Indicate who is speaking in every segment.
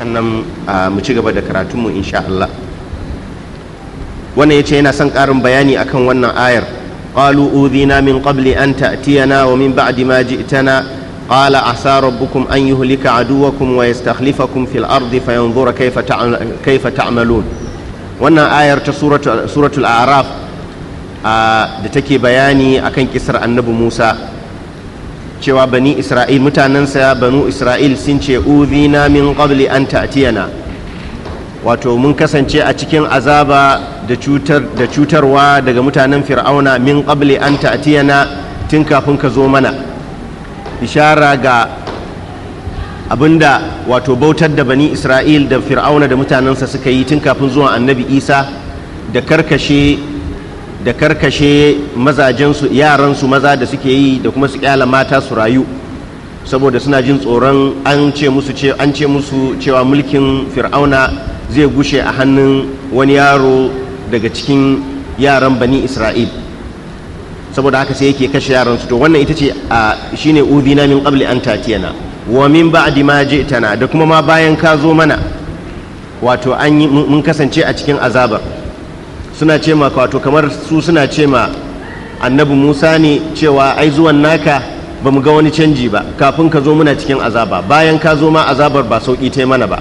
Speaker 1: sannan mu ci gaba da karatunmu insha Allah wannan ce yana son ƙarin bayani akan wannan ayar qalu udhina min qabli an ta'tiyana wa min ba'di ma ji'tana qala asa rabbukum an yuhlika aduwakum wa yastakhlifakum fil ardi fayanzura kayfa kayfa ta'malun wannan ayar ta suratul a'raf da take bayani akan kisar annabi Musa cewa bani isra'il mutanensa banu isra'il sun ce uzina min qabli an ta'tiyana wato mun kasance a cikin azaba da cutarwa daga mutanen fir'auna min qabli an ta'tiyana tun kafin ka zo mana ishara ga abinda wato bautar da bani isra'il da fir'auna da mutanensa suka yi tun kafin zuwan annabi isa da karkashe da karkashe mazajensu yaransu maza da suke yi da kuma su kyala mata su rayu saboda suna jin tsoron an ce musu cewa mulkin fir'auna zai gushe a hannun wani yaro daga cikin yaran bani isra'il saboda haka sai yake kashe yaransu to wannan ita ce a shine na min qabli an tatiyana wa min ba'di ma ji'tana da kuma ma bayan ka zo mana wato an mun kasance a cikin azabar suna ce ma wato kamar su suna ce ma annabi musa ne cewa ai zuwan naka ba mu ga wani canji ba kafin ka zo muna cikin azaba bayan ka zo ma azabar ba sauƙi ta mana ba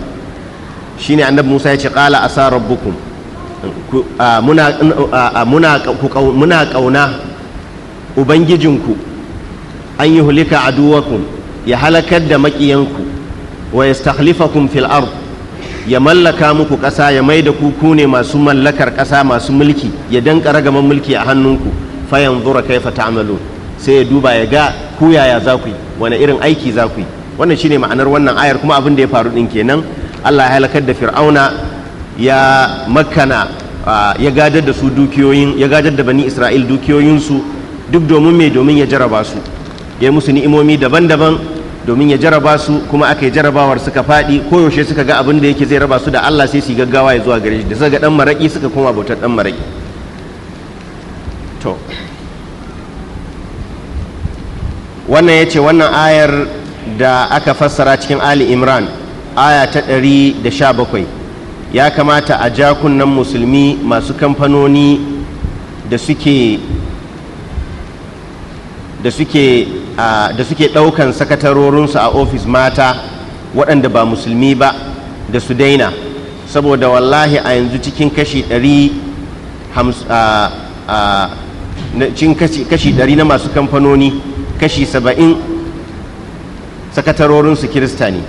Speaker 1: shine annabi musa ya ce ƙala sa rabbukum muna ƙauna ubangijinku an yi hulika duwakun ya halakar da maƙiyanku wa ya fil ard ya mallaka muku ƙasa ya mai da ku ne masu mallakar ƙasa masu mulki ya danka ragaman mulki a hannunku fayan zura kaifa amalo sai ya duba ya ga ku yaya za ku yi wani irin aiki za ku yi wannan shine ma'anar wannan ayar kuma abin da ya faru din kenan Allah ya halakar da fir'auna ya makana ya gadar da su dukiyoyin ya gadar da bani isra'il dukiyoyinsu duk domin mai domin ya jaraba su ya musu ni'imomi daban-daban domin ya jaraba su kuma aka yi jarabawar suka faɗi koyaushe suka ga abin da yake zai raba su da Allah sai su gaggawa ya zuwa gare shi da suka ga dan maraki suka koma bautar dan maraki to wannan ya ce wannan ayar da aka fassara cikin Ali Imran aya ta ɗari da sha bakwai ya kamata a ja kunnan musulmi masu kamfanoni da suke da suke da suke ɗaukan sakatarorinsu a ofis mata waɗanda ba musulmi ba da su daina saboda wallahi a yanzu cikin kashi ɗari kashi ɗari na masu kamfanoni kashi saba'in sakatarorinsu kirista ne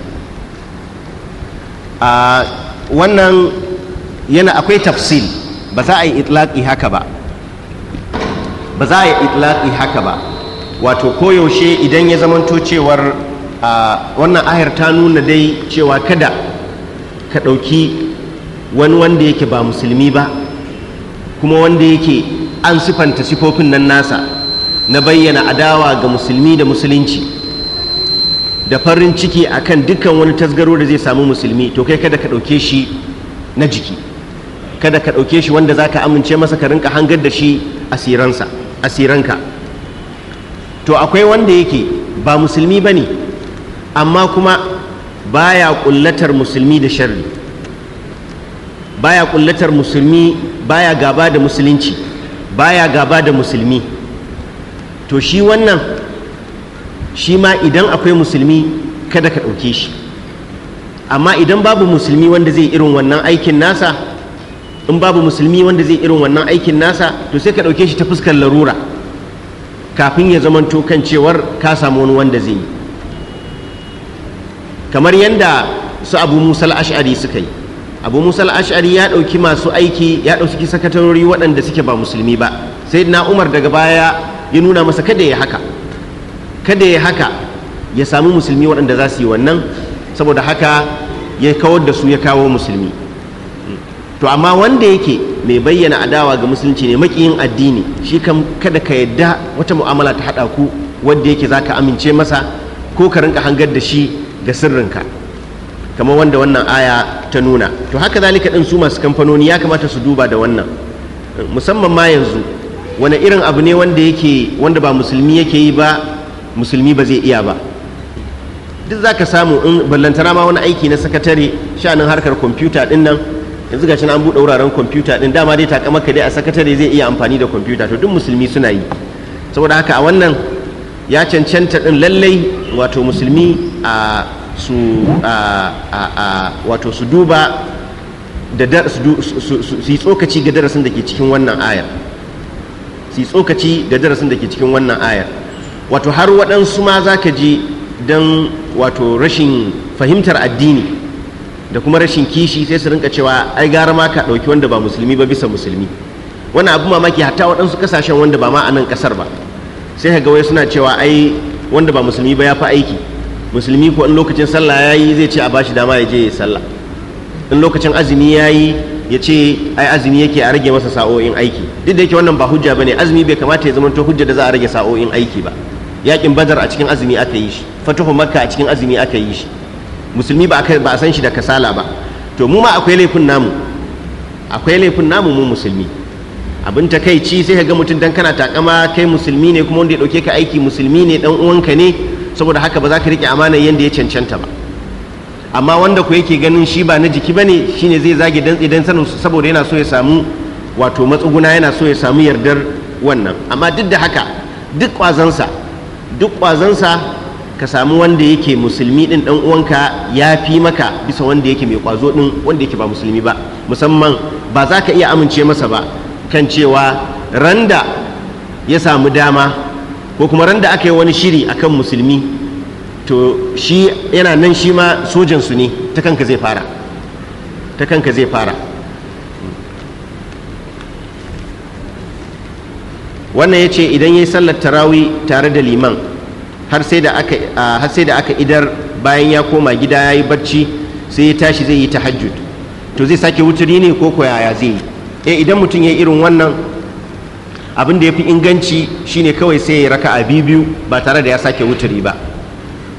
Speaker 1: wannan yana akwai tafsil ba za a yi itlaƙi haka ba ba za a yi itlaƙi haka ba wato koyaushe idan ya zamanto cewar wannan ayar ta nuna dai cewa kada ka ɗauki wani wanda yake ba musulmi ba kuma wanda yake an sifanta sifofin nan nasa na bayyana adawa ga musulmi da musulunci da farin ciki akan dukkan wani tasgaro da zai samu musulmi to kai kada ka ɗauke shi na jiki kada ka ɗauke shi wanda za ka amince masa ka rinka hangar da shi asiranka to akwai wanda yake ba musulmi ba ne amma kuma baya kullatar musulmi da sharri baya kullatar musulmi baya gaba da musulunci baya gaba da musulmi to shi wannan shi ma idan akwai musulmi kada ka ɗauke shi amma idan babu musulmi wanda zai irin wannan aikin nasa in babu musulmi wanda zai irin wannan aikin nasa to sai ka ɗauke shi ta fuskar larura kafin ya zamanto kan cewar ka samu wani wanda zai yi kamar yadda su abu musal al-ashari suka yi abu musal al-ashari ya ɗauki masu aiki ya ɗauki sakatarori waɗanda suke ba musulmi ba sai na umar daga baya ya nuna masa kada ya haka kada ya haka ya samu musulmi waɗanda za su yi wannan saboda haka ya kawar da su ya kawo musulmi to amma wanda yake mai bayyana adawa ga musulunci ne makiyin addini shi kan kada ka yadda wata mu'amala ta haɗa ku wadda yake za ka amince masa ko ka rinka hangar da shi ga sirrinka kamar wanda wannan aya ta nuna to haka zalika ɗin su masu kamfanoni ya kamata su duba da wannan musamman ma yanzu wani irin abu ne wanda yake wanda ba musulmi yake yi ba musulmi ba zai iya ba duk za ka samu in ballantana ma wani aiki na sakatare sha'anin harkar kwamfuta ɗin nan yanzu na an buɗe wuraren kwamfuta ɗin dama dai takamaka dai a sakatare zai iya amfani da kwamfuta to duk musulmi suna yi saboda haka a wannan ya cancanta ɗin lallai wato musulmi a wato su duba da su yi tsokaci ga darasin da ke cikin wannan ayar su yi tsokaci ga darasin da ke cikin wannan ayar wato har waɗansu ma za ka ji don wato rashin fahimtar addini da kuma rashin kishi sai su rinka cewa ai gara ma ka ɗauki wanda ba musulmi ba bisa musulmi wannan abu mamaki hatta waɗansu kasashen wanda ba ma a nan ƙasar ba sai ga wai suna cewa ai wanda ba musulmi ba ya fi aiki musulmi ko in lokacin sallah ya yi zai ce a bashi dama ya je ya sallah in lokacin azumi ya yi ya ce ai azumi yake a rage masa sa'o'in aiki duk da yake wannan ba hujja bane azumi bai kamata ya zamanto hujja da za a rage sa'o'in aiki ba yakin badar a cikin azumi aka yi shi fatuhu makka a cikin azumi aka yi shi musulmi ba a san shi da kasala ba to mu ma akwai laifin namu akwai laifin namu mu musulmi abin ta ci sai ka ga mutum dan kana takama kai musulmi ne kuma wanda ya dauke ka aiki musulmi ne dan uwanka ne saboda haka ba za ka rike amana yanda ya cancanta ba amma wanda ku yake ganin shi ba na jiki ba ne shi ne zai zage dantsi dan sanin saboda yana so ya samu wato matsuguna yana so ya samu yardar wannan amma duk da haka duk kwazansa duk kwazansa ka samu wanda yake musulmi din ɗan uwanka ya fi maka bisa wanda yake mai kwazo ɗin wanda yake ba musulmi ba musamman ba za ka iya amince masa ba kan cewa randa ya samu dama ko kuma randa aka yi wani shiri akan musulmi to shi yana nan shi ma sojansu ne ta kanka zai fara ta kanka zai fara wannan ya ce idan ya yi sallar tarawi tare da liman har sai da aka har idar bayan ya koma gida ya yi barci sai ya tashi zai yi tahajjud to zai sake wuturi ne ko ko yaya zai yi eh idan mutum ya irin wannan abin da ya fi inganci shine kawai sai ya raka a biyu ba tare da ya sake wuturi ba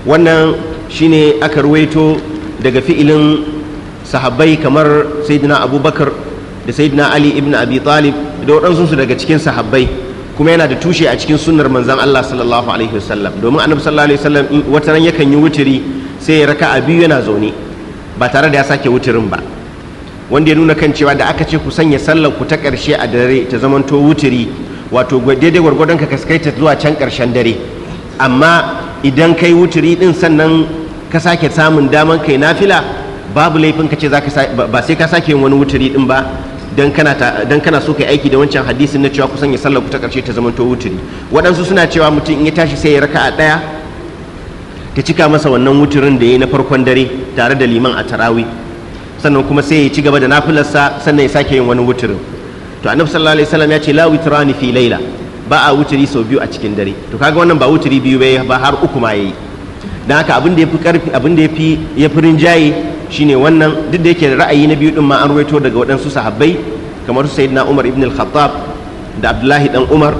Speaker 1: wannan shine aka ruwaito daga fi'ilin sahabbai kamar sayyidina abubakar da sayyidina ali ibn abi talib da waɗansu daga cikin sahabbai kuma yana da tushe a cikin sunnar manzan Allah sallallahu alaihi wasallam domin annabi sallallahu alaihi wasallam wata ran yakan yi wuturi sai ya raka a biyu yana zaune ba tare da ya sake wuturin ba wanda ya nuna kan cewa da aka ce ku sanya sallar ku ta karshe a dare ta zamanto wuturi wato daidai gwargwadon ka kaskaita zuwa can karshen dare amma idan kai wuturi ɗin sannan ka sake samun daman kai nafila babu laifin ka ce ba sai ka sake wani wuturi ɗin ba dan kana so kai aiki da wancan hadisin na cewa kusan ya sallar ta karshe ta zamanto wuturi waɗansu suna cewa mutum in ya tashi sai ya raka a ɗaya ta cika masa wannan wuturin da ya na farkon dare tare da liman a tarawi sannan kuma sai ya ci gaba da nafilarsa sannan ya sake yin wani wuturin to annabi sallallahu alaihi wasallam ya ce la witrani fi laila ba a wuturi sau biyu a cikin dare to kaga wannan ba wuturi biyu ba har uku ma yayi dan haka abin da yafi karfi abin da yafi rinjaye shine wannan duk da yake ra'ayi na biyu din ma an ruwaito daga waɗansu sahabbai kamar sayyidina Umar ibn al-Khattab da Abdullahi dan Umar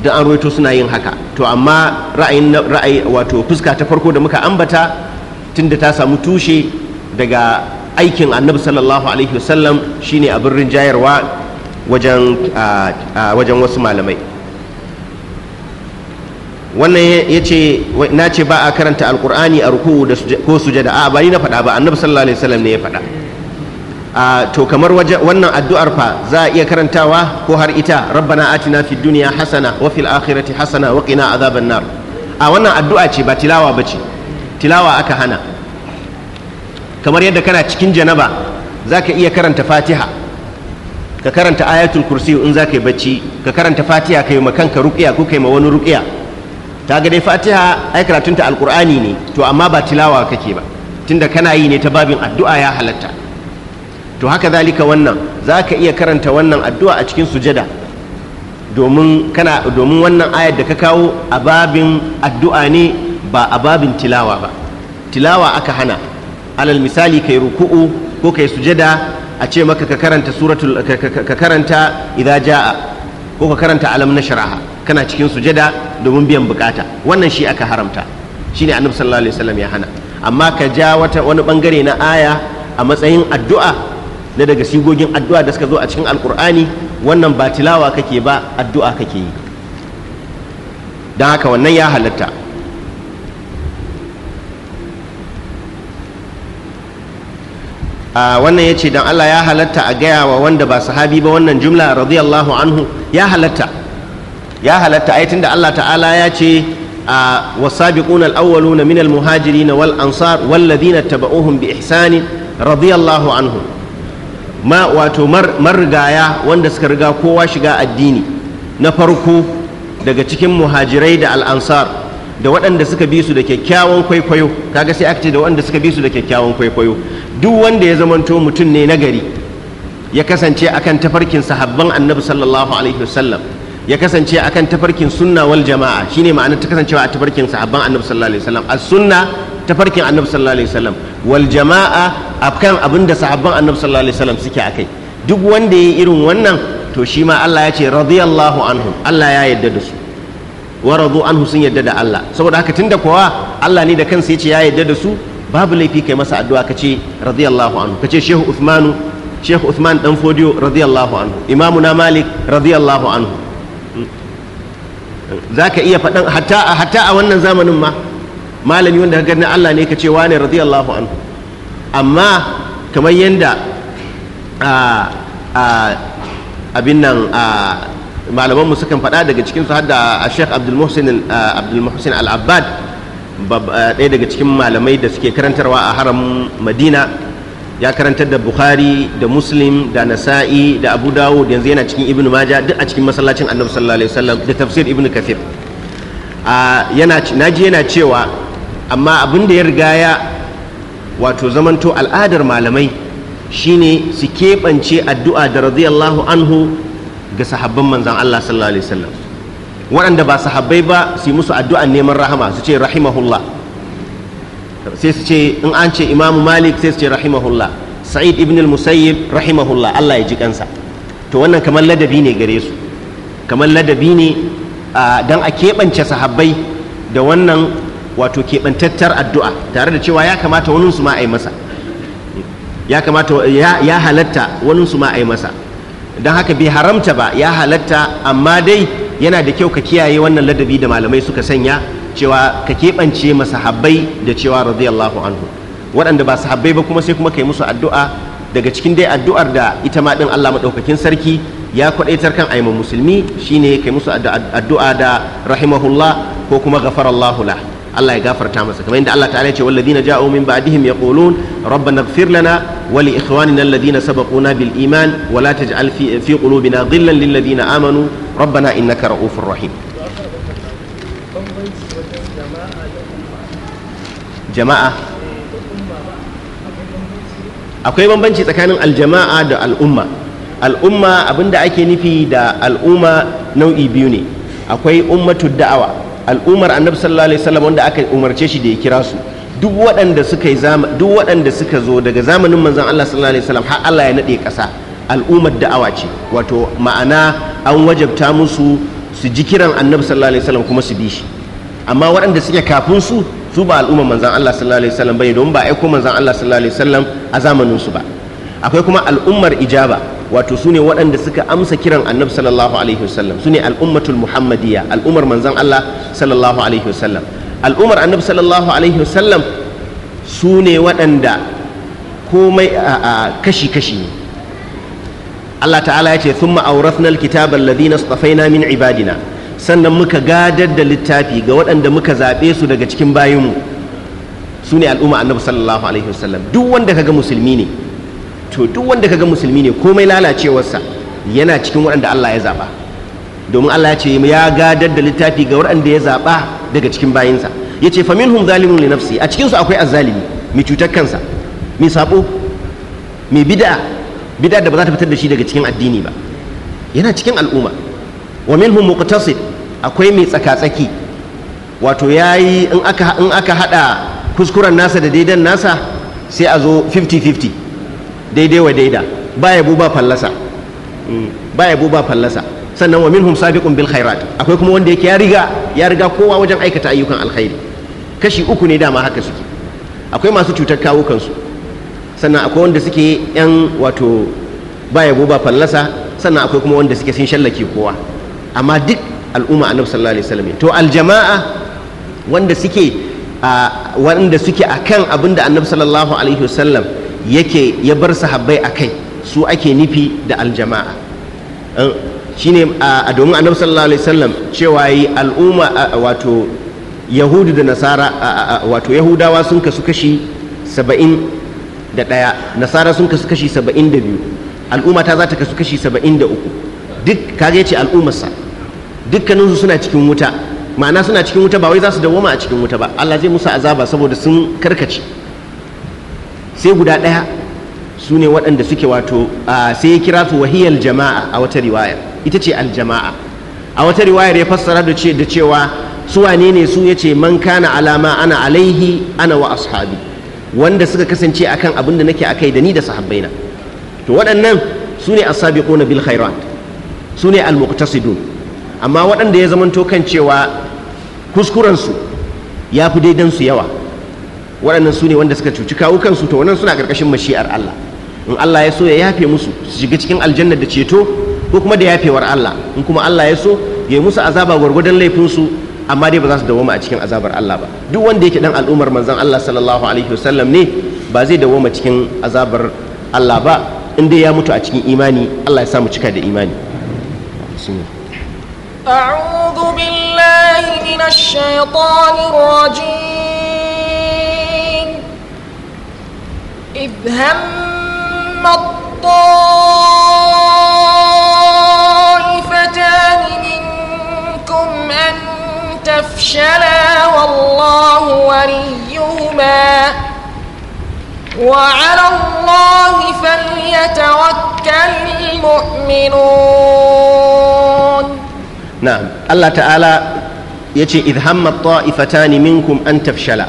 Speaker 1: da an ruwaito suna yin haka to amma ra'ayin ra'ayi wato fuska ta farko da muka ambata tunda ta samu tushe daga aikin annabi sallallahu alaihi wasallam shine abin rinjayarwa wajen wajen wasu malamai wannan ya ce na ce ba a karanta alkur'ani a ruku ko sujada a bari na faɗa ba annabi sallallahu alaihi wasallam ne ya faɗa a to kamar wannan addu'ar fa za a iya karantawa ko har ita rabbana atina fid dunya hasana wa fil akhirati hasana wa qina azaban nar a wannan addu'a ce ba tilawa bace tilawa aka hana kamar yadda kana cikin janaba zaka iya karanta fatiha ka karanta ayatul kursi in zaka yi bacci ka karanta fatiha kai makanka ruqiya ko kai ma wani ruqiya ga dai fatiha ai karatunta alkur'ani ne to amma ba tilawa kake ba tunda kana yi ne ta babin addu'a ya halatta to haka zalika wannan za ka iya karanta wannan addu'a a cikin sujada domin kana domin wannan ayar da ka kawo a babin addu'a ne ba a babin tilawa ba tilawa aka hana alal misali kai ruku'u ko kai sujada a ce maka ka karanta suratul ka karanta idza jaa ko ka karanta alam nashraha kana cikin sujada domin biyan bukata wannan shi aka haramta shine annabi sallallahu alaihi wasallam ya hana amma ka ja wata wani bangare na aya a matsayin addu'a na daga sigogin addu'a da suka zo a cikin alkur'ani wannan ba tilawa kake ba addu'a kake yi don haka wannan ya halatta wannan ya ce don allah ya halatta a gaya wa wanda ba sahabi ba wannan jumla radiyallahu anhu ya halatta ya halatta aitin da Allah ta'ala ya ce a wasabiquna al-awwaluna minal muhajirin wal ansar wal ladina taba'uhum bi ihsani radiyallahu anhum ma wato marigaya wanda suka riga kowa shiga addini na farko daga cikin muhajirai da al-ansar da waɗanda suka bi su da kyakkyawan kwaikwayo kaga sai aka ce da waɗanda suka bi su da kyakkyawan kwaikwayo duk wanda ya zamanto mutum ne na gari ya kasance akan tafarkin sahabban annabi sallallahu alaihi wasallam ya kasance akan tafarkin sunna wal jama'a shine ma'ana ta kasancewa a tafarkin sahabban annabi sallallahu alaihi wasallam as-sunna tafarkin annabi sallallahu alaihi wasallam wal jama'a akan abinda sahabban annabi sallallahu alaihi wasallam suke akai duk wanda yayi irin wannan to shi ma Allah ya ce radiyallahu anhum Allah ya yadda da su wa radu anhu sun yadda da Allah saboda haka tunda kowa Allah ne da kansa yace ya yadda da su babu laifi kai masa addu'a kace radiyallahu anhu kace Shehu Uthmanu Shehu Uthman dan Fodiyo radiyallahu anhu Imamuna Malik radiyallahu anhu za ka iya faɗan hatta a wannan zamanin ma malami wanda ka gani Allah ne ka ce wane radiyallahu anhu amma kamar yadda abin nan malamanmu sukan faɗa daga cikin su hadda a sheikh abdulmuhsin al-abbad ɗaya daga cikin malamai da suke karantarwa a haram madina ya karantar da bukhari da muslim da nasa'i da abu dawud yanzu yana cikin ibn maja duk a cikin masallacin annabi sallallahu alaihi wasallam da tafsir ibn kathir a yana naji yana cewa amma abin da ya riga ya wato zamanto al'adar malamai shine su keɓance addu'a da radiyallahu anhu ga sahabban manzan Allah sallallahu alaihi wasallam waɗanda ba sahabbai ba su yi musu addu'an neman rahama su ce rahimahullah sai su ce in an ce imamu malik sai su ce rahimahullah sa'id ibn al-musayyib rahimahullah Allah ya ji kansa to wannan kamar ladabi ne gare su kamar ladabi ne dan a keɓance sahabbai da wannan wato keɓantattar addu'a tare da cewa ya kamata wani su ma a masa ya kamata ya halatta wani su ma a masa don haka bai haramta ba ya halatta amma dai yana da kyau ka kiyaye wannan ladabi da malamai suka sanya cewa ka keɓance masahabbai da cewa radiyallahu anhu waɗanda ba sahabbai ba kuma sai kuma kai musu addu'a daga cikin dai addu'ar da ita ma ɗin Allah maɗaukakin sarki ya kwaɗaitar kan aiman musulmi shine kai musu addu'a da rahimahullah ko kuma ghafarallahu lah Allah ya gafarta masa kamar yadda Allah ta'ala ya ce walladina ja'u min ba'dihim yaqulun rabbana ighfir lana wa li ikhwanina alladhina sabaquna bil iman wa la taj'al fi qulubina dhillan lil ladina amanu rabbana innaka ra'ufur rahim aljama'a akwai bambanci tsakanin aljama'a da al'umma al'umma abinda ake nufi da al'umma nau'i biyu ne akwai ummatu da'awa al'ummar annabi sallallahu alaihi wasallam wanda aka umarce shi da ya kira su duk waɗanda suka yi duk waɗanda suka zo daga zamanin manzon Allah sallallahu alaihi wasallam har Allah ya nade ƙasa al'ummar da'awa ce wato ma'ana an wajabta musu su ji kiran annabi sallallahu alaihi wasallam kuma su bi shi amma waɗanda suke kafin su su ba al'umma manzan Allah sallallahu alaihi wasallam bane domin ba aiko manzan Allah sallallahu alaihi wasallam a zamanin su ba akwai kuma al'ummar ijaba wato su ne waɗanda suka amsa kiran annabi sallallahu alaihi wasallam su ne al'ummatul muhammadiyya al'ummar manzan Allah sallallahu alaihi wasallam al'ummar annabi sallallahu alaihi wasallam su ne waɗanda komai a kashi-kashi ne Allah ta'ala ya ce thumma awrathna alkitaba alladhina istafaina min ibadina sannan muka gadar da littafi ga waɗanda muka zaɓe su daga cikin bayinmu su ne al'umma annabi sallallahu alaihi wasallam duk wanda kaga musulmi ne to duk wanda kaga musulmi ne komai lalacewarsa yana cikin waɗanda Allah ya zaɓa domin Allah ya ce ya gadar da littafi ga waɗanda ya zaɓa daga cikin bayinsa ya ce faminhum zalimun li nafsi a cikinsu akwai azzalimi mai cutar kansa mai saɓo mai bid'a bid'a da ba za ta fitar da shi daga cikin addini ba yana cikin al'umma wa minhum muqtasid akwai mai tsaka-tsaki wato ya yi in aka haɗa kuskuren nasa da daidan nasa sai a zo 50-50 daidai wa daida ba ya ba fallasa mm, ba yabo fallasa sannan wa minhum sabiqun bil khairat akwai kuma wanda yake ya riga ya riga kowa wajen aikata ayyukan alkhairi kashi uku ne dama haka suke akwai masu cutar kawo kansu sannan akwai wanda suke yan wato ba yabo ba fallasa sannan akwai kuma wanda suke sun shallake kowa amma duk al'umma annabi sallallahu alaihi wasallam to aljama'a wanda suke wanda suke akan abinda annabi sallallahu alaihi wasallam yake ya bar sahabbai akai su ake nufi da aljama'a shine a domin annabi sallallahu alaihi wasallam cewa yi al'umma wato yahudu da nasara wato yahudawa sun kasu kashi saba'in da ɗaya nasara sun kasu kashi saba'in da biyu al'umma ta za ta kasu kashi saba'in da uku duk kaga ya ce al'ummarsa dukkaninsu suna cikin wuta ma'ana suna cikin wuta ba wai za su dawoma a cikin wuta ba Allah zai musu azaba saboda sun karkace sai guda ɗaya su ne waɗanda suke wato sai ya kira su wahiyar jama'a a wata riwayar ita ce aljama'a a wata riwayar ya fassara da da cewa su wane ne su ya ce man kana alama ana alaihi ana wa ashabi wanda suka kasance akan abin da nake akai da ni da sahabbaina to waɗannan su ne asabiquna bil khairat su ne al amma waɗanda ya zamanto kan cewa kuskurensu ya fi daidansu yawa waɗannan su ne wanda suka cuci kawukansu to wannan suna ƙarƙashin mashi'ar Allah in Allah ya so ya yafe musu su shiga cikin aljanna da ceto ko kuma da yafewar Allah in kuma Allah ya so ya yi musu azaba gwargwadon laifinsu amma dai ba za su dawoma a cikin azabar Allah ba duk wanda yake dan al'ummar manzon Allah sallallahu alaihi wasallam ne ba zai dawoma cikin azabar Allah ba in dai ya mutu a cikin imani Allah ya sa mu cika da imani
Speaker 2: أعوذ بالله من الشيطان الرجيم إذ هم الطائفتان منكم أن تفشلا والله وليهما وعلى الله فليتوكل المؤمنون
Speaker 1: na'am Allah ta'ala ya ce idhamma ta'ifatani minkum an tafshala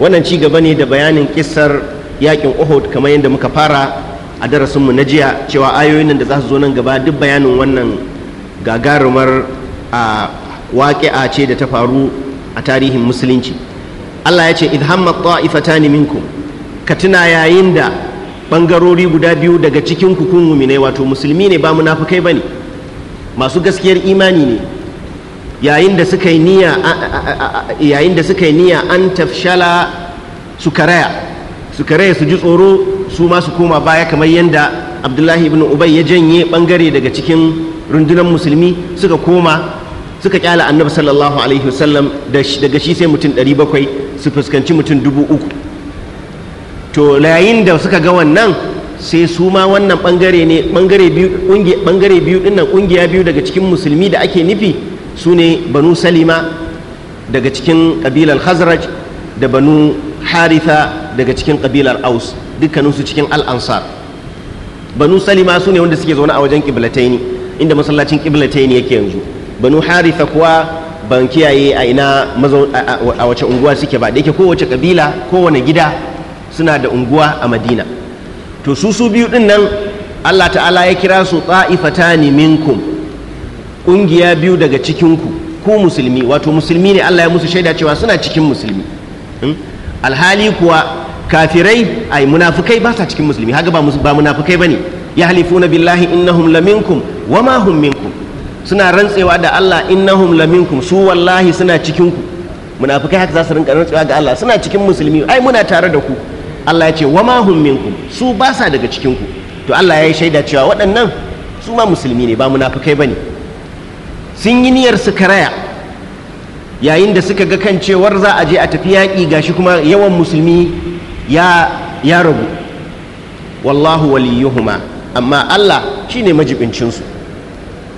Speaker 1: wannan ci gaba ne da bayanin kissar yakin Uhud kamar yadda muka fara a darasin mu na jiya cewa ayoyin nan da za su zo nan gaba duk bayanin wannan gagarumar a waƙi'a ce da ta faru a tarihin musulunci Allah ya ce idhamma ta'ifatani minkum ka tuna yayin da bangarori guda biyu daga cikin ku kun wato musulmi ne ba munafukai bane masu gaskiyar imani ne yayin da suka yi niya an tafshala su karaya su karaya su ji tsoro su masu koma baya kamar yadda abdullahi ibn ubay ya janye bangare daga cikin rundunar musulmi suka koma suka kyala annabi sallallahu alaihi wasallam daga shi sai mutum 700 su fuskanci mutum 3000 to yayin da suka ga wannan sai su ma wannan bangare ne bangare biyu kungiya bangare biyu dinnan kungiya biyu daga cikin musulmi da ake nufi su ne banu salima daga cikin kabilar khazraj da banu haritha daga cikin kabilar aus dukkaninsu cikin al-ansar banu salima su ne wanda suke zaune a wajen kiblataini inda masallacin kiblataini yake yanzu banu haritha kuwa ban kiyaye a ina a wace unguwa suke ba da yake kowace kabila kowane gida suna da unguwa a madina to su su biyu din nan Allah ta'ala ya kira su ta'ifatani minkum ƙungiya biyu daga cikinku ku musulmi wato musulmi ne Allah ya musu shaida cewa suna cikin musulmi hmm? alhali kuwa kafirai ai munafukai ba sa cikin musulmi haka ba ba munafukai bane yahlifuna billahi innahum laminkum Wa hum minkum suna rantsewa da Allah innahum laminkum su wallahi suna cikinku. munafukai haka za su rinka rantsewa ga Allah suna cikin musulmi ai muna tare da ku Allah ya ce wa ma hum minkum su ba sa daga cikin ku to Allah ya yi shaida cewa waɗannan su ma musulmi ne ba munafukai bane sun yi niyyar su karaya yayin da suka ga kan cewar za a je a tafi yaƙi gashi kuma yawan musulmi ya ya ragu wallahu waliyuhuma amma Allah shine majibincinsu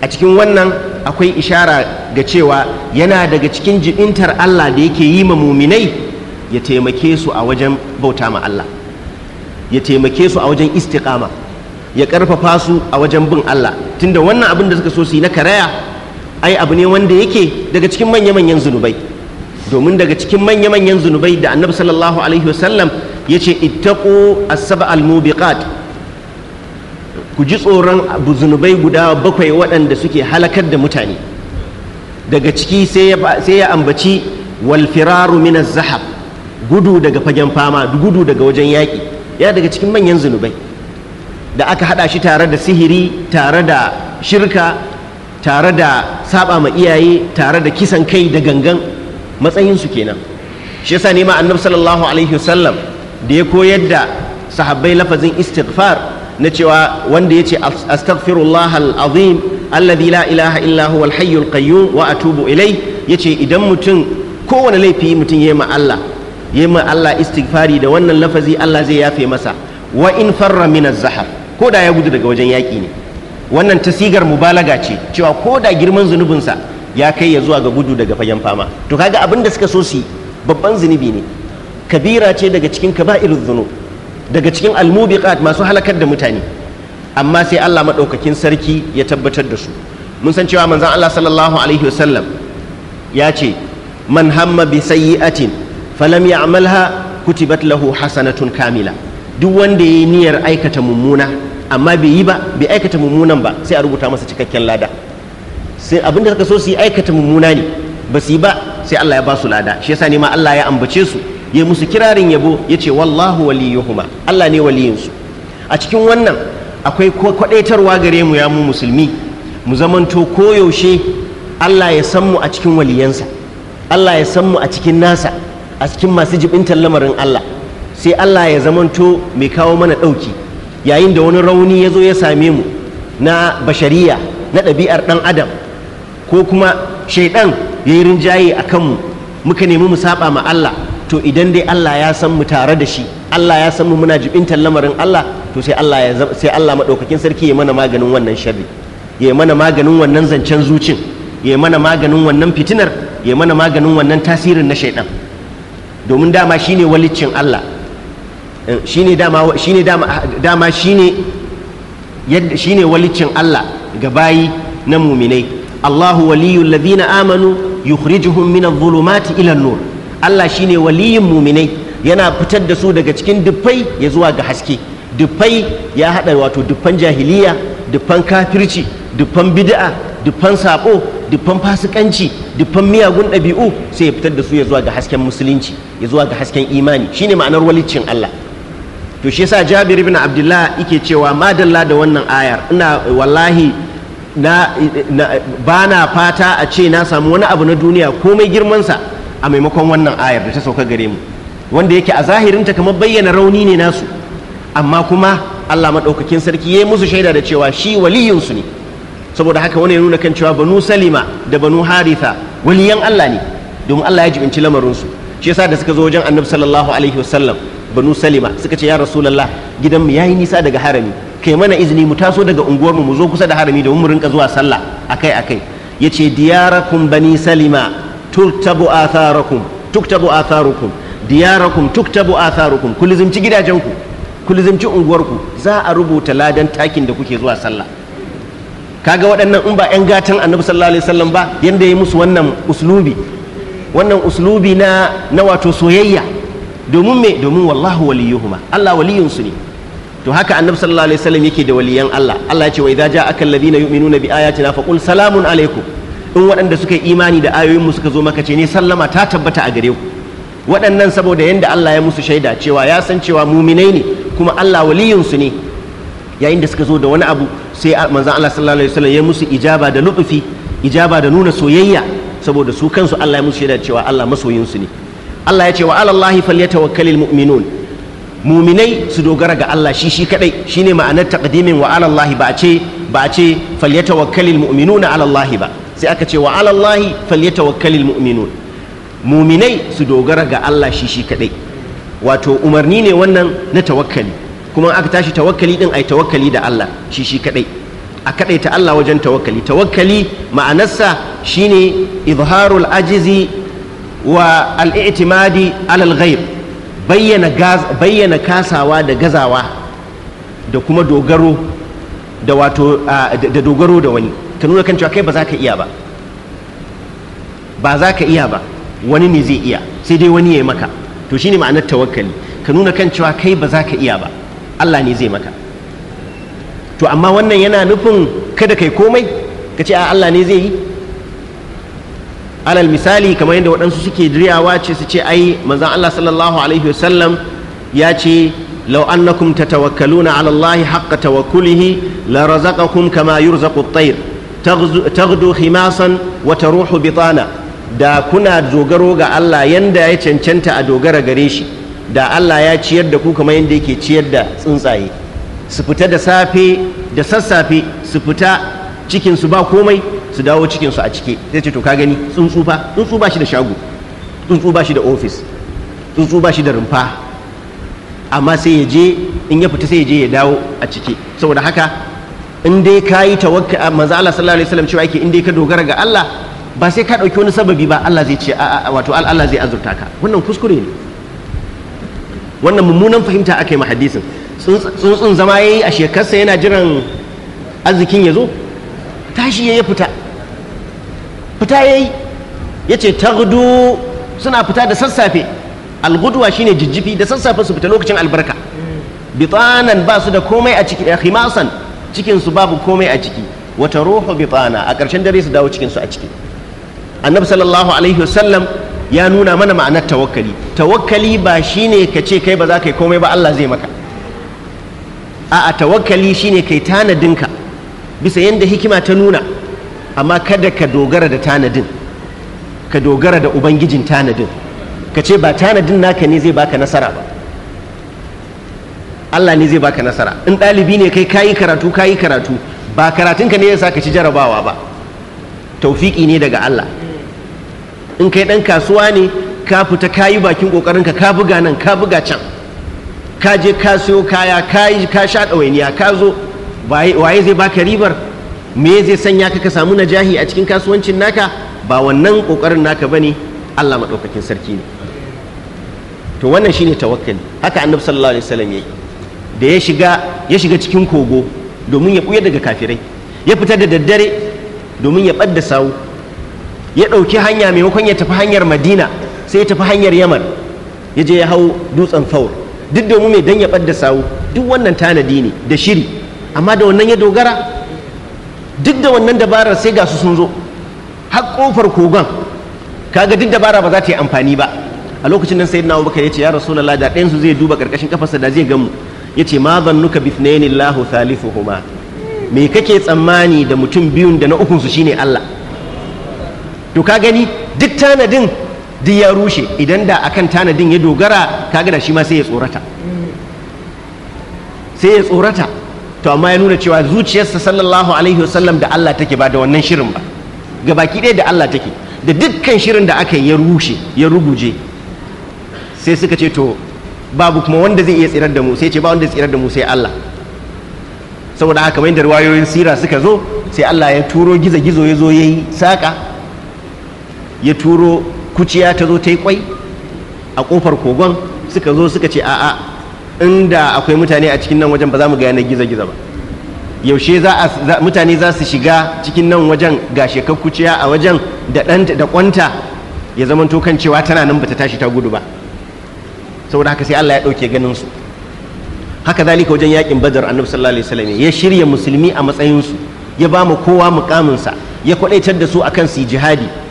Speaker 1: a cikin wannan akwai ishara ga cewa yana daga cikin jibintar Allah da yake yi ma muminai ya taimake su a wajen bauta ma Allah ya taimake su a wajen istiqama ya ƙarfafa su a wajen bin Allah tunda wannan abin da suka so su yi na karaya ai abu ne wanda yake daga cikin manya-manyan zunubai domin daga cikin manya-manyan zunubai da annabi sallallahu alaihi wasallam ya ce ittaqu as-sab'a al-mubiqat ku ji tsoron zunubai guda bakwai waɗanda suke halakar da mutane daga ciki sai ya ambaci wal firaru min az-zahab gudu daga fagen fama gudu daga wajen yaƙi ya daga cikin manyan zunubai da aka haɗa shi tare da sihiri tare da shirka tare da saba ma iyaye tare da kisan kai da gangan matsayinsu kenan shi yasa nema annabi sallallahu alaihi wasallam da ya koyar da sahabbai lafazin istighfar na cewa wanda ya ce astaghfirullah al-azim alladhi la ilaha illa huwa al-hayyul qayyum wa atubu ilayh yace idan mutum kowane laifi mutum yayi ma Allah Yi ma Allah istighfari da wannan lafazi Allah zai yafe masa wa in farra min az ko da ya gudu daga wajen yaki ne wannan tasigar mubalaga ce cewa ko da girman zunubinsa ya kai ya zuwa ga gudu daga fagen fama to kaga abin da suka so su babban zunubi ne kabira ce daga cikin kaba'irul zunub daga cikin almubiqat masu halakar da mutane amma sai Allah madaukakin sarki ya tabbatar da su mun san cewa manzon Allah sallallahu alaihi wasallam ya ce man hamma bi sayyi'atin falam ya'malha kutibat lahu hasanatun kamila duk wanda ya yi niyyar aikata mummuna amma bai yi ba bai aikata mummunan ba sai a rubuta masa cikakken lada sai abinda suka so su yi aikata mummuna ne ba su yi ba sai Allah ya ba su lada shi yasa ne ma Allah ya ambace su ya musu kirarin yabo ya ce wallahu waliyuhuma Allah ne waliyinsu a cikin wannan akwai kwadaitarwa gare mu ya mu musulmi mu zamanto koyaushe Allah ya san mu a cikin waliyansa Allah ya san mu a cikin nasa a cikin masu jibintar lamarin Allah sai Allah ya zamanto mai kawo mana ɗauki yayin da wani rauni ya zo ya same mu na bashariya na ɗabi'ar ɗan adam ko kuma shaidan ya yi rinjaye a kanmu muka nemi mu saba ma Allah to idan dai Allah ya san mu tare da shi Allah ya san mu muna jibintar lamarin Allah to sai Allah ya sai Allah madaukakin sarki ya mana maganin wannan sharri ya mana maganin wannan zancen zucin ya mana maganin wannan fitinar ya mana maganin wannan tasirin na shaidan domin dama shine walicin Allah shi ne walicin Allah ga bayi na muminai Allahu waliyul ladina amanu yukhrijuhum min adh-dhulumati ila nur Allah shine waliyin muminai yana fitar da su daga cikin dufai ya zuwa ga haske dufai ya hada wato dufan jahiliya dufan kafirci dufan bid'a dufan saƙo dufan fasikanci dufan miyagun ɗabi'u sai ya fitar da su ya zuwa ga hasken musulunci ya zuwa ga hasken imani Shi ne ma'anar walicin Allah to shi yasa Jabir ibn Abdullahi, yake cewa madalla da wannan ayar ina wallahi na, ba na fata a ce na samu wani abu na duniya komai girmansa a maimakon wannan ayar da ta sauka gare mu wanda yake a zahirinta kamar bayyana rauni ne nasu amma kuma Allah maɗaukakin sarki ya yi musu shaida da cewa shi waliyinsu ne saboda haka wani ya nuna kan cewa banu salima da banu haritha waliyan Allah ne domin Allah ya jibinci lamarinsu shi yasa da suka zo wajen annabi sallallahu alaihi wasallam banu salima suka ce ya rasulullah gidanmu yayi nisa daga harami kai mana izini mu taso daga unguwar mu zo kusa da harami domin mu rinka zuwa sallah akai akai yace diyarakum bani salima tuktabu atharakum tuktabu atharukum diyarakum tuktabu atharukum ku gidajenku ku unguwarku za a rubuta ladan takin da kuke zuwa sallah kaga waɗannan in ba 'yan gatan annabi sallallahu alaihi wasallam ba yanda ya musu wannan uslubi wannan uslubi na na wato soyayya domin me domin wallahu waliyuhuma Allah waliyun su ne to haka annabi sallallahu alaihi wasallam yake da waliyan Allah Allah ya ce wa idza ja'aka alladhina yu'minuna bi ayatina faqul salamun alaikum in waɗanda suka yi imani da ayoyin mu suka zo maka ce ne sallama ta tabbata a gare ku waɗannan saboda yanda Allah ya musu shaida cewa ya san cewa muminai ne kuma Allah waliyun su ne yayin da suka zo da wani abu sai manzan Allah sallallahu alaihi wasallam ya musu ijaba da lutufi ijaba da nuna soyayya saboda su kansu Allah ya musu shaida cewa Allah masoyin su ne Allah ya ce wa alallahi falyatawakkalul mu'minun muminai su dogara ga Allah shi shi kadai shine ma'anar taqdimin wa alallahi ba a ce ba a ce falyatawakkalul mu'minuna alallahi ba sai aka ce wa alallahi falyatawakkalul mu'minun muminai su dogara ga Allah shi shi kadai wato umarni ne wannan na tawakkali kuma aka tashi tawakkali din ai tawakkali da Allah shi shi kadai a kadai ta Allah wajen tawakkali tawakkali ma'anarsa shine izharul ajizi wa al-i'timadi ala al-ghaib bayyana bayyana kasawa da gazawa da kuma dogaro da wato da dogaro da wani ka nuna kan cewa kai ba za ka iya ba ba za ka iya ba wani ne zai iya sai dai wani ya yi maka to shine ma'anar tawakkali ka nuna kan cewa kai ba za ka iya ba Allah ne zai maka to amma wannan yana nufin kada kai komai ka ce a Allah ne zai yi alal misali kamar yadda waɗansu suke riyawa ce su ce ai manzan Allah sallallahu alaihi wasallam ya ce لو أنكم تتوكلون على الله حق توكله لرزقكم كما يرزق الطير تغدو خماصا وتروح بطانا دا كنا دوغرو ga Allah yanda ya cancanta a dogara gare shi da Allah ya ciyar da ku kamar yadda yake ciyar da tsuntsaye su fita da safe da sassafe su fita cikin su ba komai su dawo cikin su a cike zai ce to ka gani tsuntsu fa tsuntsu ba shi da shago tsuntsu ba shi da ofis tsuntsu ba shi da rumfa amma sai ya je in ya fita sai ya je ya dawo a cike saboda haka in dai ka yi tawakka manzo Allah sallallahu alaihi wasallam cewa yake in dai ka dogara ga Allah ba sai ka dauki wani sababi ba Allah zai ce wato Allah zai azurta ka wannan kuskure ne wannan mummunan fahimta aka yi ma hadisin tsuntsun zama ya yi a shekarsa yana jiran arzikin ya zo tashi ya fita fita ya yi ya ce tagudu suna fita da sassafe alguduwa shine jijjifi da sassafe su fita lokacin albarka bitanan ba su da komai a ciki eh, himasan cikinsu babu komai a ciki wata ruhu bitana a ƙarshen dare su dawo cikinsu a ciki annabi sallallahu alaihi wasallam ya nuna mana ma'anar tawakkali tawakkali ba shine ka ce kai ba za ka yi komai ba Allah zai maka a'a tawakkali shine kai tanadinka bisa yadda hikima ta nuna amma kada ka dogara da tanadin ka dogara da ubangijin tanadin ka ce ba tanadin naka ne zai baka nasara ba Allah ne zai baka nasara in ɗalibi ne kai kayi karatu kayi karatu ba karatunka ne ya sa ka ci jarabawa ba taufiki ne daga Allah in kai ɗan kasuwa ne ka fita ka yi bakin ƙoƙarinka ka buga nan ka buga can ka je ka siyo kaya ka sha ɗawainiya ka zo waye zai baka ribar me zai sanya ka ka samu najahi a cikin kasuwancin naka ba wannan ƙoƙarin naka bane Allah maɗaukakin sarki ne to wannan shine tawakkali haka annabi sallallahu alaihi wasallam yayi da ya shiga ya shiga cikin kogo domin ya buya daga kafirai ya fita da daddare domin ya ɓadda sawu ya ɗauki hanya maimakon ya tafi hanyar madina sai ya tafi hanyar yaman ya je ya hau dutsen faur duk domin mai don ya ɓadda sawu duk wannan tanadi ne da shiri amma da wannan ya dogara duk da wannan dabarar sai ga su sun zo har kofar kogon kaga duk dabara ba za ta yi amfani ba a lokacin nan sayyidina baka ya ce ya rasulullah da ɗayan su zai duba karkashin kafarsa da zai gamu ya ce ma zannuka bithnaini allahu thalithuhuma me kake tsammani da mutum biyun da na ukun su shine allah to ka gani duk tanadin duk ya rushe idan da akan tanadin ya dogara ka da shi ma sai ya tsorata sai ya tsorata to amma ya nuna cewa zuciyarsa sallallahu alaihi wasallam da Allah take ba da wannan shirin ba ga baki ɗaya da Allah take da dukkan shirin da aka yi ya rushe ya ruguje sai suka ce to babu kuma wanda zai iya tsirar da mu sai ce ba wanda zai tsirar da mu sai Allah saboda haka mai da ruwayoyin sira suka zo sai Allah ya turo gizo gizo ya zo ya yi saka ya turo kuciya ta zo ta yi kwai a kofar kogon suka zo suka ce a'a inda akwai mutane a cikin nan wajen ba za mu ga yanar gizo-gizo ba yaushe mutane za su shiga cikin nan wajen ga shekar kuciya a wajen da ɗanta da kwanta ya zama kan cewa tana nan bata tashi ta gudu ba saboda haka sai Allah ya ɗauke ganin su haka zalika wajen yakin badar annabi sallallahu alaihi wasallam ya shirya musulmi a matsayin su ya ba mu kowa mukamin sa ya kwadaitar da su akan su jihadi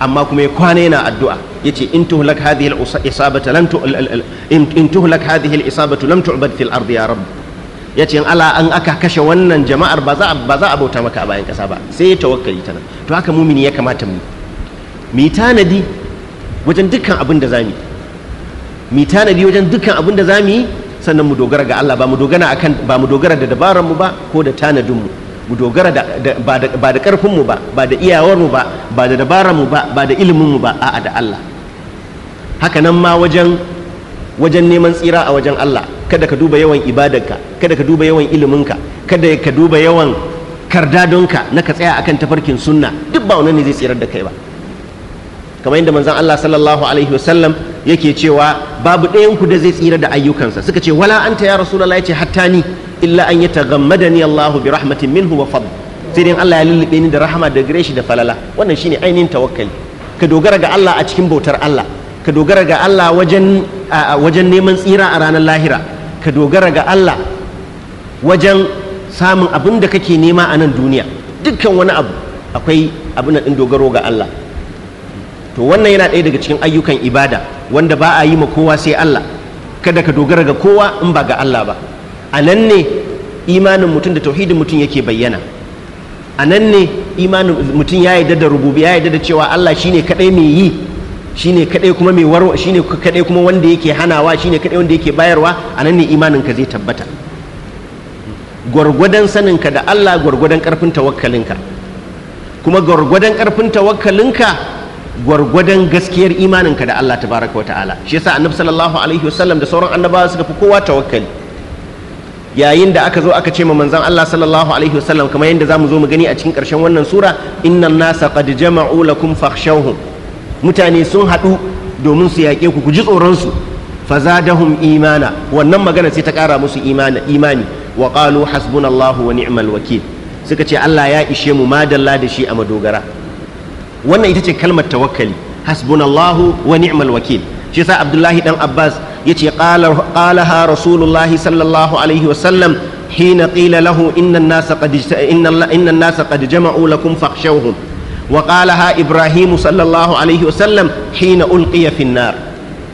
Speaker 1: amma kuma ya kwana yana addu'a yace in tuhlak hadhihi al-isabatu lam in tuhlak hadhihi al-isabatu lam tu'bad fil ardi ya rabb yace in ala an aka kashe wannan jama'ar ba za ba za a bauta maka a bayan kasa ba sai ya tawakkali tana to haka mumini ya kamata mu mi tanadi wajen dukkan abin da zamu mi tanadi wajen dukkan abin da zamu sannan mu dogara ga Allah ba mu dogara akan ba mu dogara da dabaran mu ba ko da tanadin mu mu dogara da ba da mu ba ba da iyawarmu ba ba da mu ba ba da iliminmu ba a'a da Allah haka nan ma wajen wajen neman tsira a wajen Allah kada ka duba yawan ibadarka kada ka duba yawan iliminka kada ka duba yawan kardadonka na ka tsaya akan tafarkin sunna duk ba wani ne zai tsirar da kai ba kamar yadda manzon Allah sallallahu alaihi wasallam yake cewa babu ɗayan ku da zai tsira da ayyukansa suka ce wala anta ya rasulullahi yace hatta ni illa an yataghammadani Allah bi rahmatin minhu wa fadl sai dai Allah ya lullube ni da rahama da gare shi da falala wannan shine ainihin tawakkali ka dogara ga Allah a cikin bautar Allah ka dogara ga Allah wajen wajen neman tsira a ranar lahira ka dogara ga Allah wajen samun abin da kake nema a nan duniya dukkan wani abu akwai abin da dogaro ga Allah to wannan yana ɗaya daga cikin ayyukan ibada wanda ba a yi ma kowa sai Allah kada ka dogara ga kowa in ba ga Allah ba a nan ne imanin mutum da tauhidin mutum yake bayyana a nan ne imanin mutum ya yarda da rububi ya yarda da cewa Allah shine kadai mai yi shine kadai kuma mai warwa shine kadai kuma wanda yake hanawa shine kadai wanda yake bayarwa a nan ne imanin ka zai tabbata gwargwadon saninka da Allah gwargwadon karfin tawakkalinka kuma gwargwadon karfin tawakkalinka gwargwadon gaskiyar imaninka da Allah tabaraka wa ta'ala shi yasa annabi sallallahu alaihi wasallam da sauran annabawa suka fi kowa tawakkali yayin da aka zo aka ce ma manzon Allah sallallahu alaihi wasallam kamar yadda zamu zo mu gani a cikin karshen wannan sura innan nasa qad jama'u lakum fakhshawhum mutane sun haɗu domin su yaƙe ku ku ji tsoron su fazadahum imana wannan magana sai ta ƙara musu imani imani wa qalu hasbunallahu wa ni'mal wakil suka ce Allah ya ishe mu madalla da shi a madogara wannan ita ce kalmar tawakkali hasbunallahu wa ni'mal wakil shi yasa abdullahi dan abbas yace qalaha rasulullahi sallallahu alaihi wa sallam hina qila lahu inna an-nasa qad inna inna an-nasa qad jama'u lakum fakhshawhum wa qalaha ibrahim sallallahu alaihi wa sallam hina ulqiya fi an-nar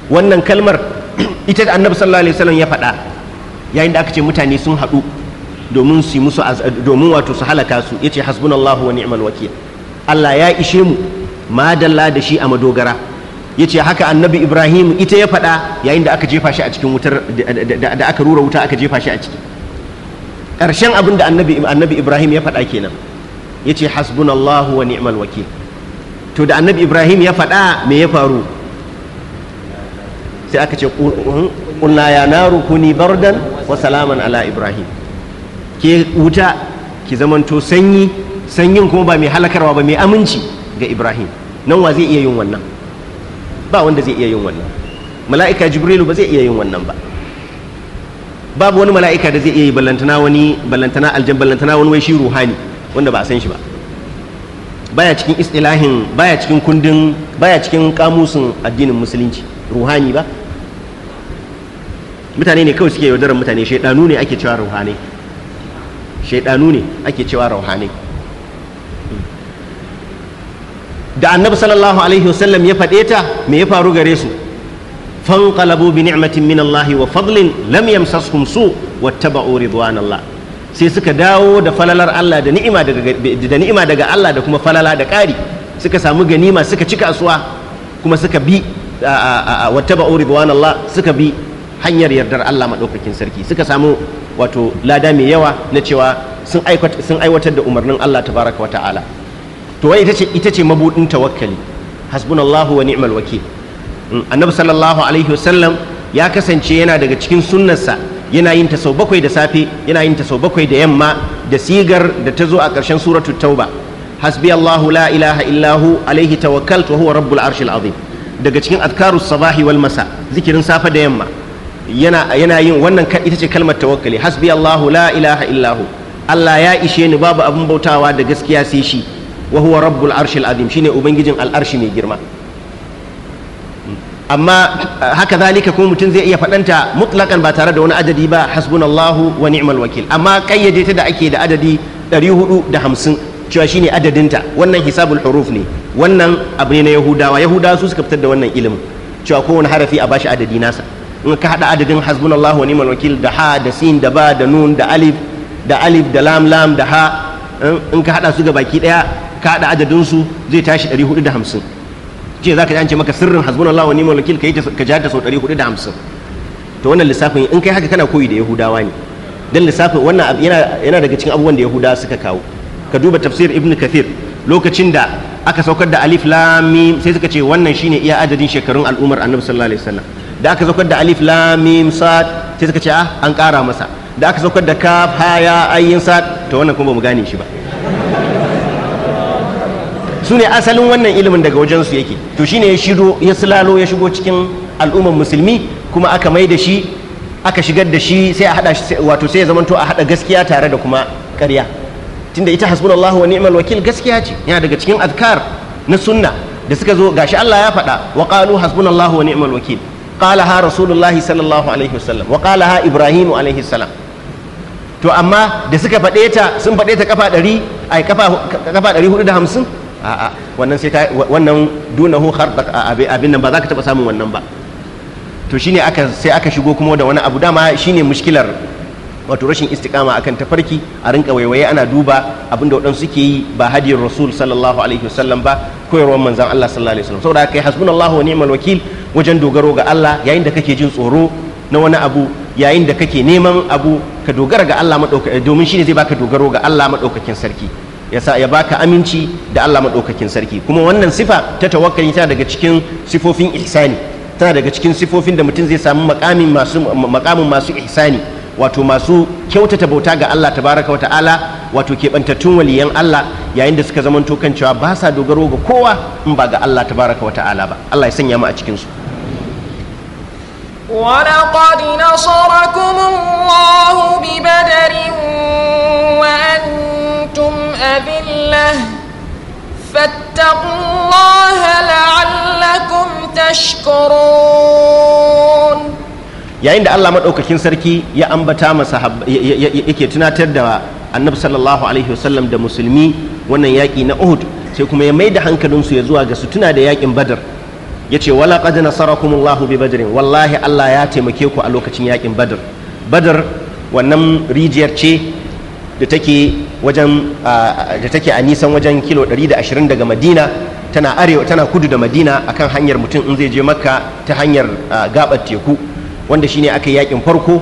Speaker 1: wannan kalmar ita da annabi sallallahu alaihi wa sallam ya faɗa yayin da aka ce mutane sun haɗu domin su musu domin wato su halaka su yace hasbunallahu wa ni'mal wakil Allah ya ishe mu madalla da shi a madogara ya ce haka annabi ibrahim ita ya faɗa yayin da aka jefa shi a cikin wutar da aka rura wuta aka jefa shi a ciki ƙarshen abin da annabi ibrahim ya faɗa kenan ya ce hasbunallahu wa ni'mal wakil to da annabi ibrahim ya faɗa me ya faru sai aka ce ƙulna ya naru kuni bardan wa salaman ala ibrahim ke wuta ki zamanto sanyi sanyin kuma ba mai halakarwa ba mai aminci ga ibrahim nan wa zai iya yin wannan ba wanda zai iya yin wannan mala'ika jibrilu ba zai iya yin wannan ba babu wani mala'ika da zai iya yi ballantana wani ballantana aljan ballantana wani wai shi ruhani wanda ba a san shi ba baya cikin istilahin baya cikin kundin baya cikin kamusin addinin musulunci ruhani ba mutane ne kawai suke yaudarar mutane shaidanu ne ake cewa ruhanai shaidanu ne ake cewa ruhanai da annabi sallallahu alaihi wasallam ya faɗe ta me ya faru gare su fanqalabu bi ni'matin min Allah wa fadlin lam yamsashum su wattaba'u ridwan Allah sai suka dawo da falalar Allah da ni'ima daga da ni'ima daga Allah da kuma falala da ƙari suka samu ganima suka cika asuwa kuma suka bi wattaba'u ridwan Allah suka bi hanyar yardar Allah maɗaukakin sarki suka samu wato lada mai yawa na cewa sun aiwatar da umarnin Allah tabaraka wa ta'ala to wai ita ce mabudin tawakkali hasbunallahu wa ni'mal wakil mm, annabi sallallahu alaihi wasallam ya kasance yana daga cikin sunnarsa yana yin ta sau bakwai da safe yana yin ta sau bakwai da yamma da sigar da ta zo a ƙarshen suratu tauba hasbi allahu la ilaha illahu alaihi tawakkaltu wa huwa rabbul arshil azim daga cikin adkarus sabahi wal masa zikirin safe da yamma yana yana yin wannan ita ce kalmar tawakkali hasbi allahu la ilaha illahu allah ya ishe ni babu abin bautawa da gaskiya sai shi wa huwa rabbul arshil azim shine ubangijin al'arshi mai girma amma eh, haka zalika kuma mutum zai iya faɗanta mutlakan ba tare da wani adadi ba hasbunallahu wa ni'mal wakil amma kayyade ta da ake da adadi 450 cewa shine adadinta wannan hisabul huruf ne wannan abu ne na yahudawa yahudawa su suka fitar da wannan ilimin cewa kowane harafi a bashi adadi nasa in ka hada adadin hasbunallahu wa ni'mal wakil da ha da sin da ba da nun da alif da alif da lam lam da ha eh, in ka hada su ga baki daya ka adadin su zai tashi 450 jiya za ka an ce maka sirrin hasbunallahu wa ni'mal wakil ka ka jihar sau 450 to wannan lissafin in kai haka kana koyi da yahudawa ne dan lissafin wannan yana daga cikin abubuwan da yahudawa suka kawo ka duba tafsir ibn kathir lokacin da aka saukar da alif lam mim sai suka ce wannan shine iya adadin shekarun al'umar annabi sallallahu alaihi wasallam da aka saukar da alif lam mim sad sai suka ce ah an ƙara masa da aka saukar da kaf ya ayin sad to wannan kuma ba mu gane shi ba su ne asalin wannan ilimin daga wajen su yake to shine ya shigo ya silalo ya shigo cikin al'ummar musulmi kuma aka mai da shi aka shigar da shi sai a hada wato sai ya zamanto a hada gaskiya tare da kuma ƙarya tunda ita hasbunallahu wa ni'mal wakil gaskiya ce yana daga cikin azkar na sunna da suka zo gashi Allah ya faɗa wa qalu hasbunallahu wa ni'mal wakil qalaha rasulullahi sallallahu alaihi wasallam wa qalaha ibrahimu alaihi salam to amma da suka faɗe ta sun faɗe ta kafa ɗari ai kafa kafa ɗari da hamsin a'a wannan sai ka wannan dunahu khardaq abin nan ba za ka taba samun wannan ba to shine aka sai aka shigo kuma da wani abu dama shine mushkilar wato rashin istiqama akan tafarki a rinka waiwaye ana duba abin da waɗansu suke yi ba hadiyar rasul sallallahu alaihi wasallam ba koyarwar manzon Allah sallallahu alaihi wasallam saboda kai hasbunallahu wa ni'mal wakil wajen dogaro ga Allah yayin da kake jin tsoro na wani abu yayin da kake neman abu ka dogara ga Allah domin shine zai baka dogaro ga Allah madaukakin sarki ya sa ya baka aminci da Allah maɗaukakin sarki kuma wannan sifa ta tawakkali tana daga cikin sifofin ihsani tana daga cikin sifofin da mutum zai samu maƙamin masu ihsani wato masu kyautata bauta ga Allah tabaraka wa ta'ala wato keɓantattun waliyan Allah yayin da suka zamanto kan cewa ba sa dogaro ga kowa in ba ga Allah tabaraka wa ta'ala ba Allah ya sanya mu a cikin su
Speaker 2: ولقد نصركم الله
Speaker 1: yayin da Allah maɗaukakin sarki ya ambata masa yake tunatar da annabi sallallahu alaihi wasallam da musulmi wannan yaƙi na Uhud sai kuma ya mai da su ya zuwa ga su tuna da yaƙin Badar ya ce wala qad nasarakumullahu bi badrin wallahi Allah ya taimake ku a lokacin yaƙin Badar Badar wannan rijiyar ce da take wajen da take a nisan wajen kilo 120 daga Madina tana arewa tana kudu da Madina akan hanyar mutum in zai je Makka ta hanyar gabar teku wanda shine aka yi yakin farko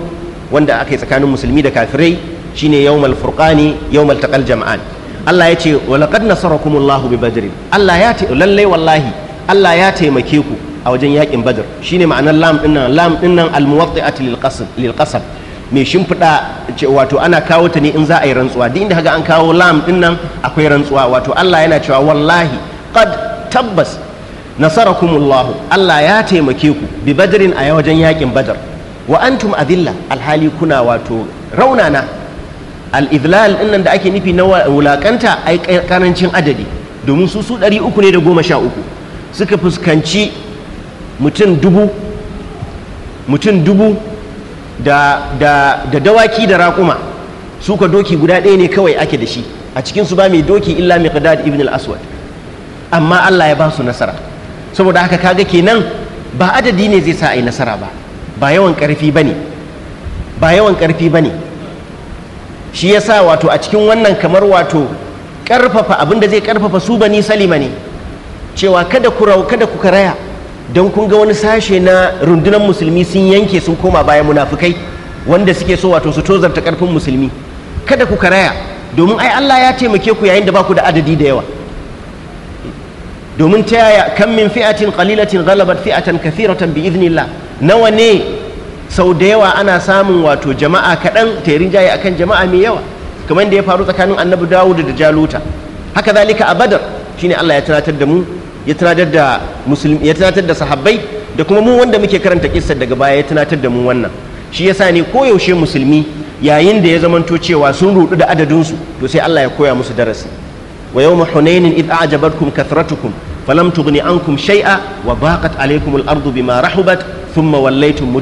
Speaker 1: wanda aka yi tsakanin musulmi da kafirai shine yawmal furqani yawmal taqal jama'an Allah ya ce wa laqad nasarakumullahu bi badr Allah ya wallahi Allah ya taimake ku a wajen yakin badr shine ma'anar lam dinnan lam dinnan al lil qasam lil qasam mai shimfiɗa wato ana kawo ta ne in za a yi rantsuwa duk inda kaga an kawo lam dinnan akwai rantsuwa wato Allah yana cewa wallahi qad tabbas nasarakumullahu Allah ya taimake ku bi badrin a wajen yakin badar wa antum adilla alhali kuna wato raunana al-idlal da ake nufi na wulakanta ai karancin adadi domin su su uku ne da goma sha uku suka fuskanci mutum dubu mutum dubu da, da, da dawaki da raƙuma suka doki guda ɗaya ne kawai ake da shi a cikin su ba mai doki illa mai ibn al-aswad amma Allah ya ba su nasara saboda haka kaga kenan ba adadi ne zai sa a yi nasara ba ba yawan karfi ba ne ba yawan karfi ba ne shi ya sa wato a cikin wannan kamar wato karfafa abinda zai karfafa su bani salima ne cewa kada ku rau kada ku karaya don kun ga wani sashe na rundunar musulmi sun yanke sun koma bayan munafukai wanda suke so wato su tozarta karfin musulmi kada ku karaya domin ai Allah ya taimake ku yayin da ba ku da adadi da yawa domin ta yaya kan min fi'atin qalilatin ghalabat fi'atan kathiratan bi idhnillah nawa ne sau da yawa ana samun wato jama'a kaɗan ta rinjaye akan jama'a mai yawa kamar da ya faru tsakanin annabi dawud da jaluta haka zalika a badar shine Allah ya tunatar da mu ya tunatar da da sahabbai da kuma mu wanda muke karanta kissar daga baya ya tunatar da mu wannan shi yasa ne koyaushe musulmi yayin da ya zamanto cewa sun rudu da adadinsu to sai Allah ya koya musu darasi wa yawma hunainin id a'jabatkum kathratukum falam an ankum shai'a wa baqat alaykum al ma bima rahubat thumma wallaytum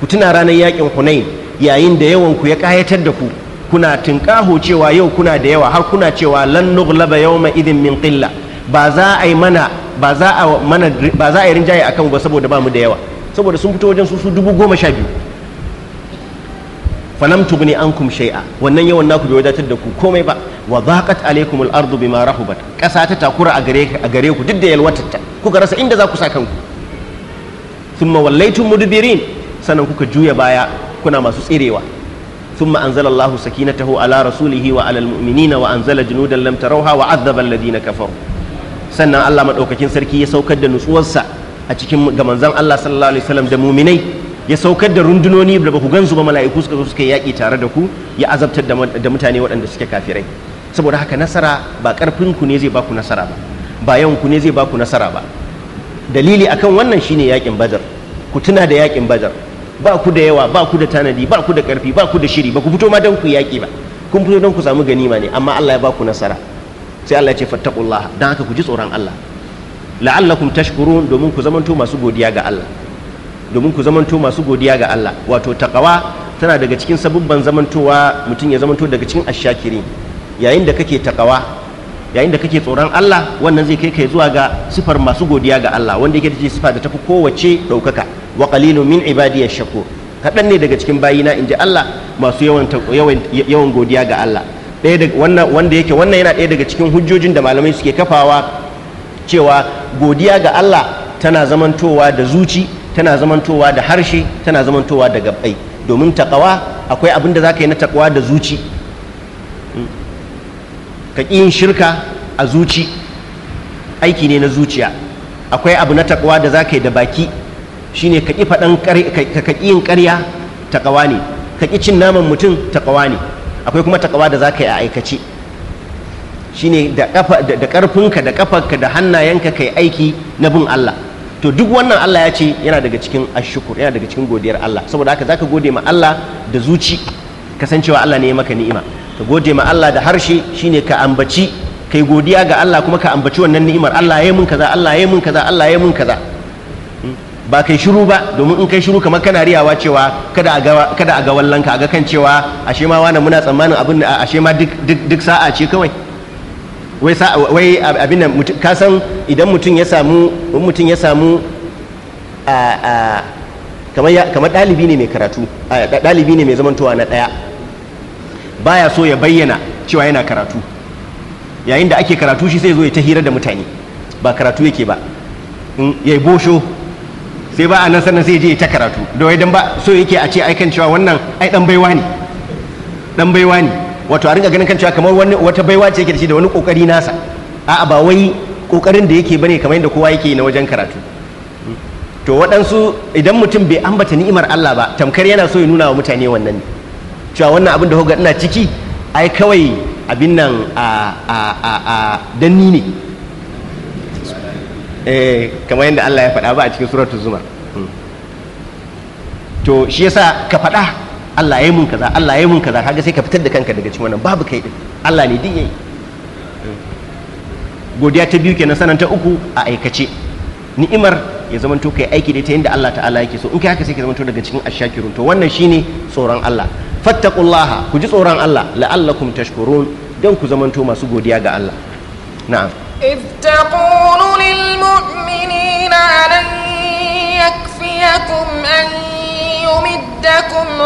Speaker 1: ku tuna ranar yakin hunain yayin da yawan ku ya kayatar da ku kuna tinkaho cewa yau kuna da yawa har kuna cewa lan nughlaba yawma idin min qilla ba za a yi ba za a mana ba za a yi rinjaye akan ba saboda ba mu da yawa saboda sun fito wajen su su dubu goma sha biyu ne an ankum shai'a wannan yawan naku bai wadatar da ku komai ba wa zaqat alaykumul ardu bima rahabat kasa ta takura a gare ku duk da yalwatar ta rasa inda za ku sa saka ku thumma wallaitun mudbirin sanan kuka juya baya kuna masu tsirewa thumma anzala allah sakinatahu ala rasulihi wa ala almu'minina wa anzala junudan lam tarauha wa azzaba alladhina kafaru sanan allah madaukakin sarki ya saukar da nutsuwarsa a cikin ga manzon allah sallallahu alaihi wasallam da mu'minai ya saukar da rundunoni da baku gansu ba mala'iku suka zo suka yaƙi tare da ku ya azabtar da mutane waɗanda suke kafirai saboda haka nasara ba ƙarfin ku ne zai baku nasara ba ba yawan ku ne zai baku nasara ba dalili akan wannan shine yaƙin badar ku tuna da yaƙin badar ba ku da yawa ba ku da tanadi ba ku da ƙarfi ba ku da shiri ba ku fito ma don ku yaƙi ba kun fito don ku samu ganima ne amma Allah ya baku nasara sai Allah ya ce fattaqullah dan haka ku ji tsoron Allah la'allakum tashkurun domin ku zamanto masu godiya ga Allah domin ku zamanto masu godiya ga Allah wato taqawa tana daga cikin sabubban zamantowa mutum ya zamanto daga cikin ashakiri yayin da kake taqawa yayin da kake tsoron Allah wannan zai kai kai zuwa ga sifar masu godiya ga Allah wanda yake da sifa da tafi kowace daukaka wa qalilun min ibadiy shakur kaɗan ne daga cikin bayina in ji Allah masu yawan godiya ga Allah wanda yake wannan yana daya daga cikin hujjojin da malamai suke kafawa cewa godiya ga Allah tana zamantowa da zuci tana zamantowa da harshe tana zamantowa da gabbai domin taqawa akwai abin da za ka yi na taqawa da zuci hmm. ka ƙi yin shirka a zuci aiki ne na zuciya akwai abu na taqawa da za ka yi da baki shine ka ƙi faɗan ka ƙi yin ƙarya taqawa ne ka ƙi cin naman mutum taqawa ne akwai kuma taqawa da za ka yi a aikace shine da ƙarfinka da ƙafarka da hannayenka ka yi aiki na bin Allah to duk wannan Allah ya ce yana daga cikin ashukur yana daga cikin godiyar Allah saboda haka zaka gode ma Allah da zuci kasancewa Allah ne ya maka ni'ima ka gode ma Allah da harshe shine ka ambaci kai godiya ga Allah kuma ka ambaci wannan ni'imar Allah ya mun kaza Allah ya mun kaza Allah ya mun kaza hmm? ba kai shiru ba domin in kai shiru kamar kana riyawa cewa kada a ga kada a ga wallanka a ga kan cewa ashe ma wannan muna tsammanin abin ashe ma duk duk sa'a ce kawai wai wai kasan idan mutum ya samu mutum ya samu a kamar dalibi ne mai karatu dalibi ne mai zamantowa na ɗaya baya so ya bayyana cewa yana karatu yayin da ake karatu shi sai zo ya ta hira da mutane ba karatu yake ba ya yi bosho sai ba a nan sannan sai je ta karatu da wai don ba so yake a ce aikan cewa wannan ai dan baiwa ne dan baiwa ne wato a ringa ganin kan cewa kamar wata baiwa ce yake da shi da wani kokari nasa a'a ba wai kokarin da yake bane kamar yadda kowa yake na wajen karatu to waɗansu idan mutum bai ambata ni'imar Allah ba tamkar yana so ya nuna wa mutane wannan ne cewa wannan abin da hoga ina ciki ai kawai abin nan a a a a danni ne eh kamar yadda Allah ya faɗa ba a cikin suratul zumar hmm. to shi yasa ka faɗa Allah ya yi mun kaza Allah ya yi mun kaza kaga sai ka fitar da kanka daga cikin wannan babu kai din Allah ne din yayi godiya ta biyu kenan sanan ta uku a aikace ni'imar ya zamanto kai aiki da ta yadda Allah ta'ala yake so in kai haka sai ka zamanto daga cikin ashakirun to wannan shine tsoron Allah fattaqullaha ku ji tsoron Allah la'allakum tashkurun dan ku zamanto masu godiya ga Allah na'am
Speaker 2: إذ تقول للمؤمنين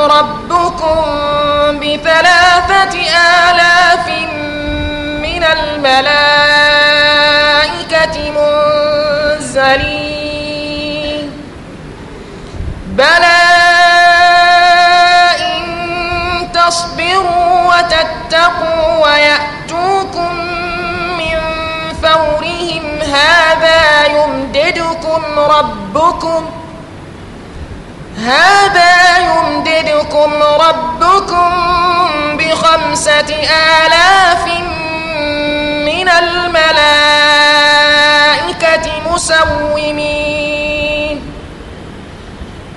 Speaker 2: ربكم بثلاثة آلاف من الملائكة منزلين بلى إن تصبروا وتتقوا ويأتوكم من فورهم هذا يمددكم ربكم هذا يمددكم ربكم بخمسة آلاف من الملائكة مسومين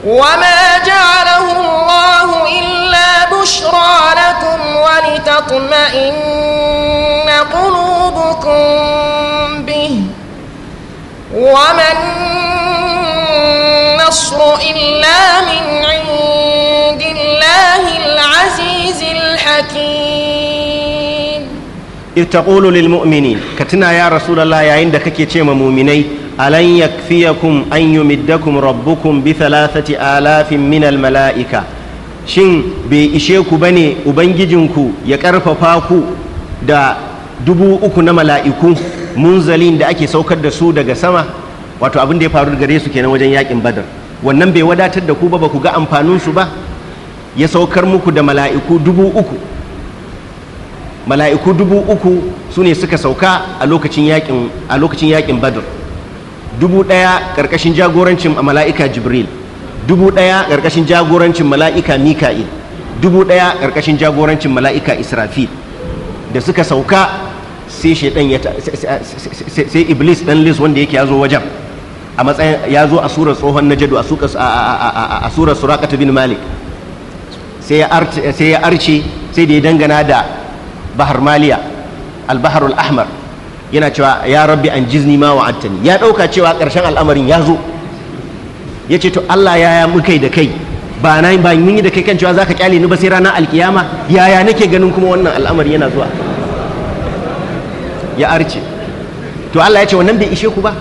Speaker 2: وما جعله الله إلا بشرى لكم ولتطمئن قلوبكم به ومن النصر إلا من عند الله العزيز الحكيم
Speaker 1: إذ تقول للمؤمنين كتنا يا رسول الله يا عندك كي مؤمني ألن يكفيكم أن يمدكم ربكم بثلاثة آلاف من الملائكة shin bai ishe ku ba ne ubangijinku ya karfafa ku da dubu uku na mala'iku munzalin da ake saukar da su daga sama wato abin da ya faru gare su kenan wajen yakin badar wannan bai wadatar da ku ba ku ga amfaninsu ba ya saukar muku da mala'iku dubu uku mala'iku dubu uku su ne suka sauka a lokacin yakin badr dubu ɗaya ƙarƙashin jagorancin a mala'ika jibril dubu ɗaya ƙarƙashin jagorancin mala'ika mika'il dubu ɗaya ƙarƙashin jagorancin mala'ika israfil da suka sauka sai iblis ɗan lis wanda yake yazo wajen a matsayin ya zo a surar tsohon na jadu a surar suraqata bin malik sai ya arce sai da ya dangana da bahar maliya al-baharul ahmar yana cewa ya rabbi an jizni ma wa'adtani ya dauka cewa karshen al'amarin ya zo ya ce to Allah ya ya kai da kai ba na ba mun yi da kai kan cewa zaka kyale ni ba sai ranar alkiyama yaya nake ganin kuma wannan al'amari yana zuwa ya arce to Allah ya ce wannan bai ishe ku ba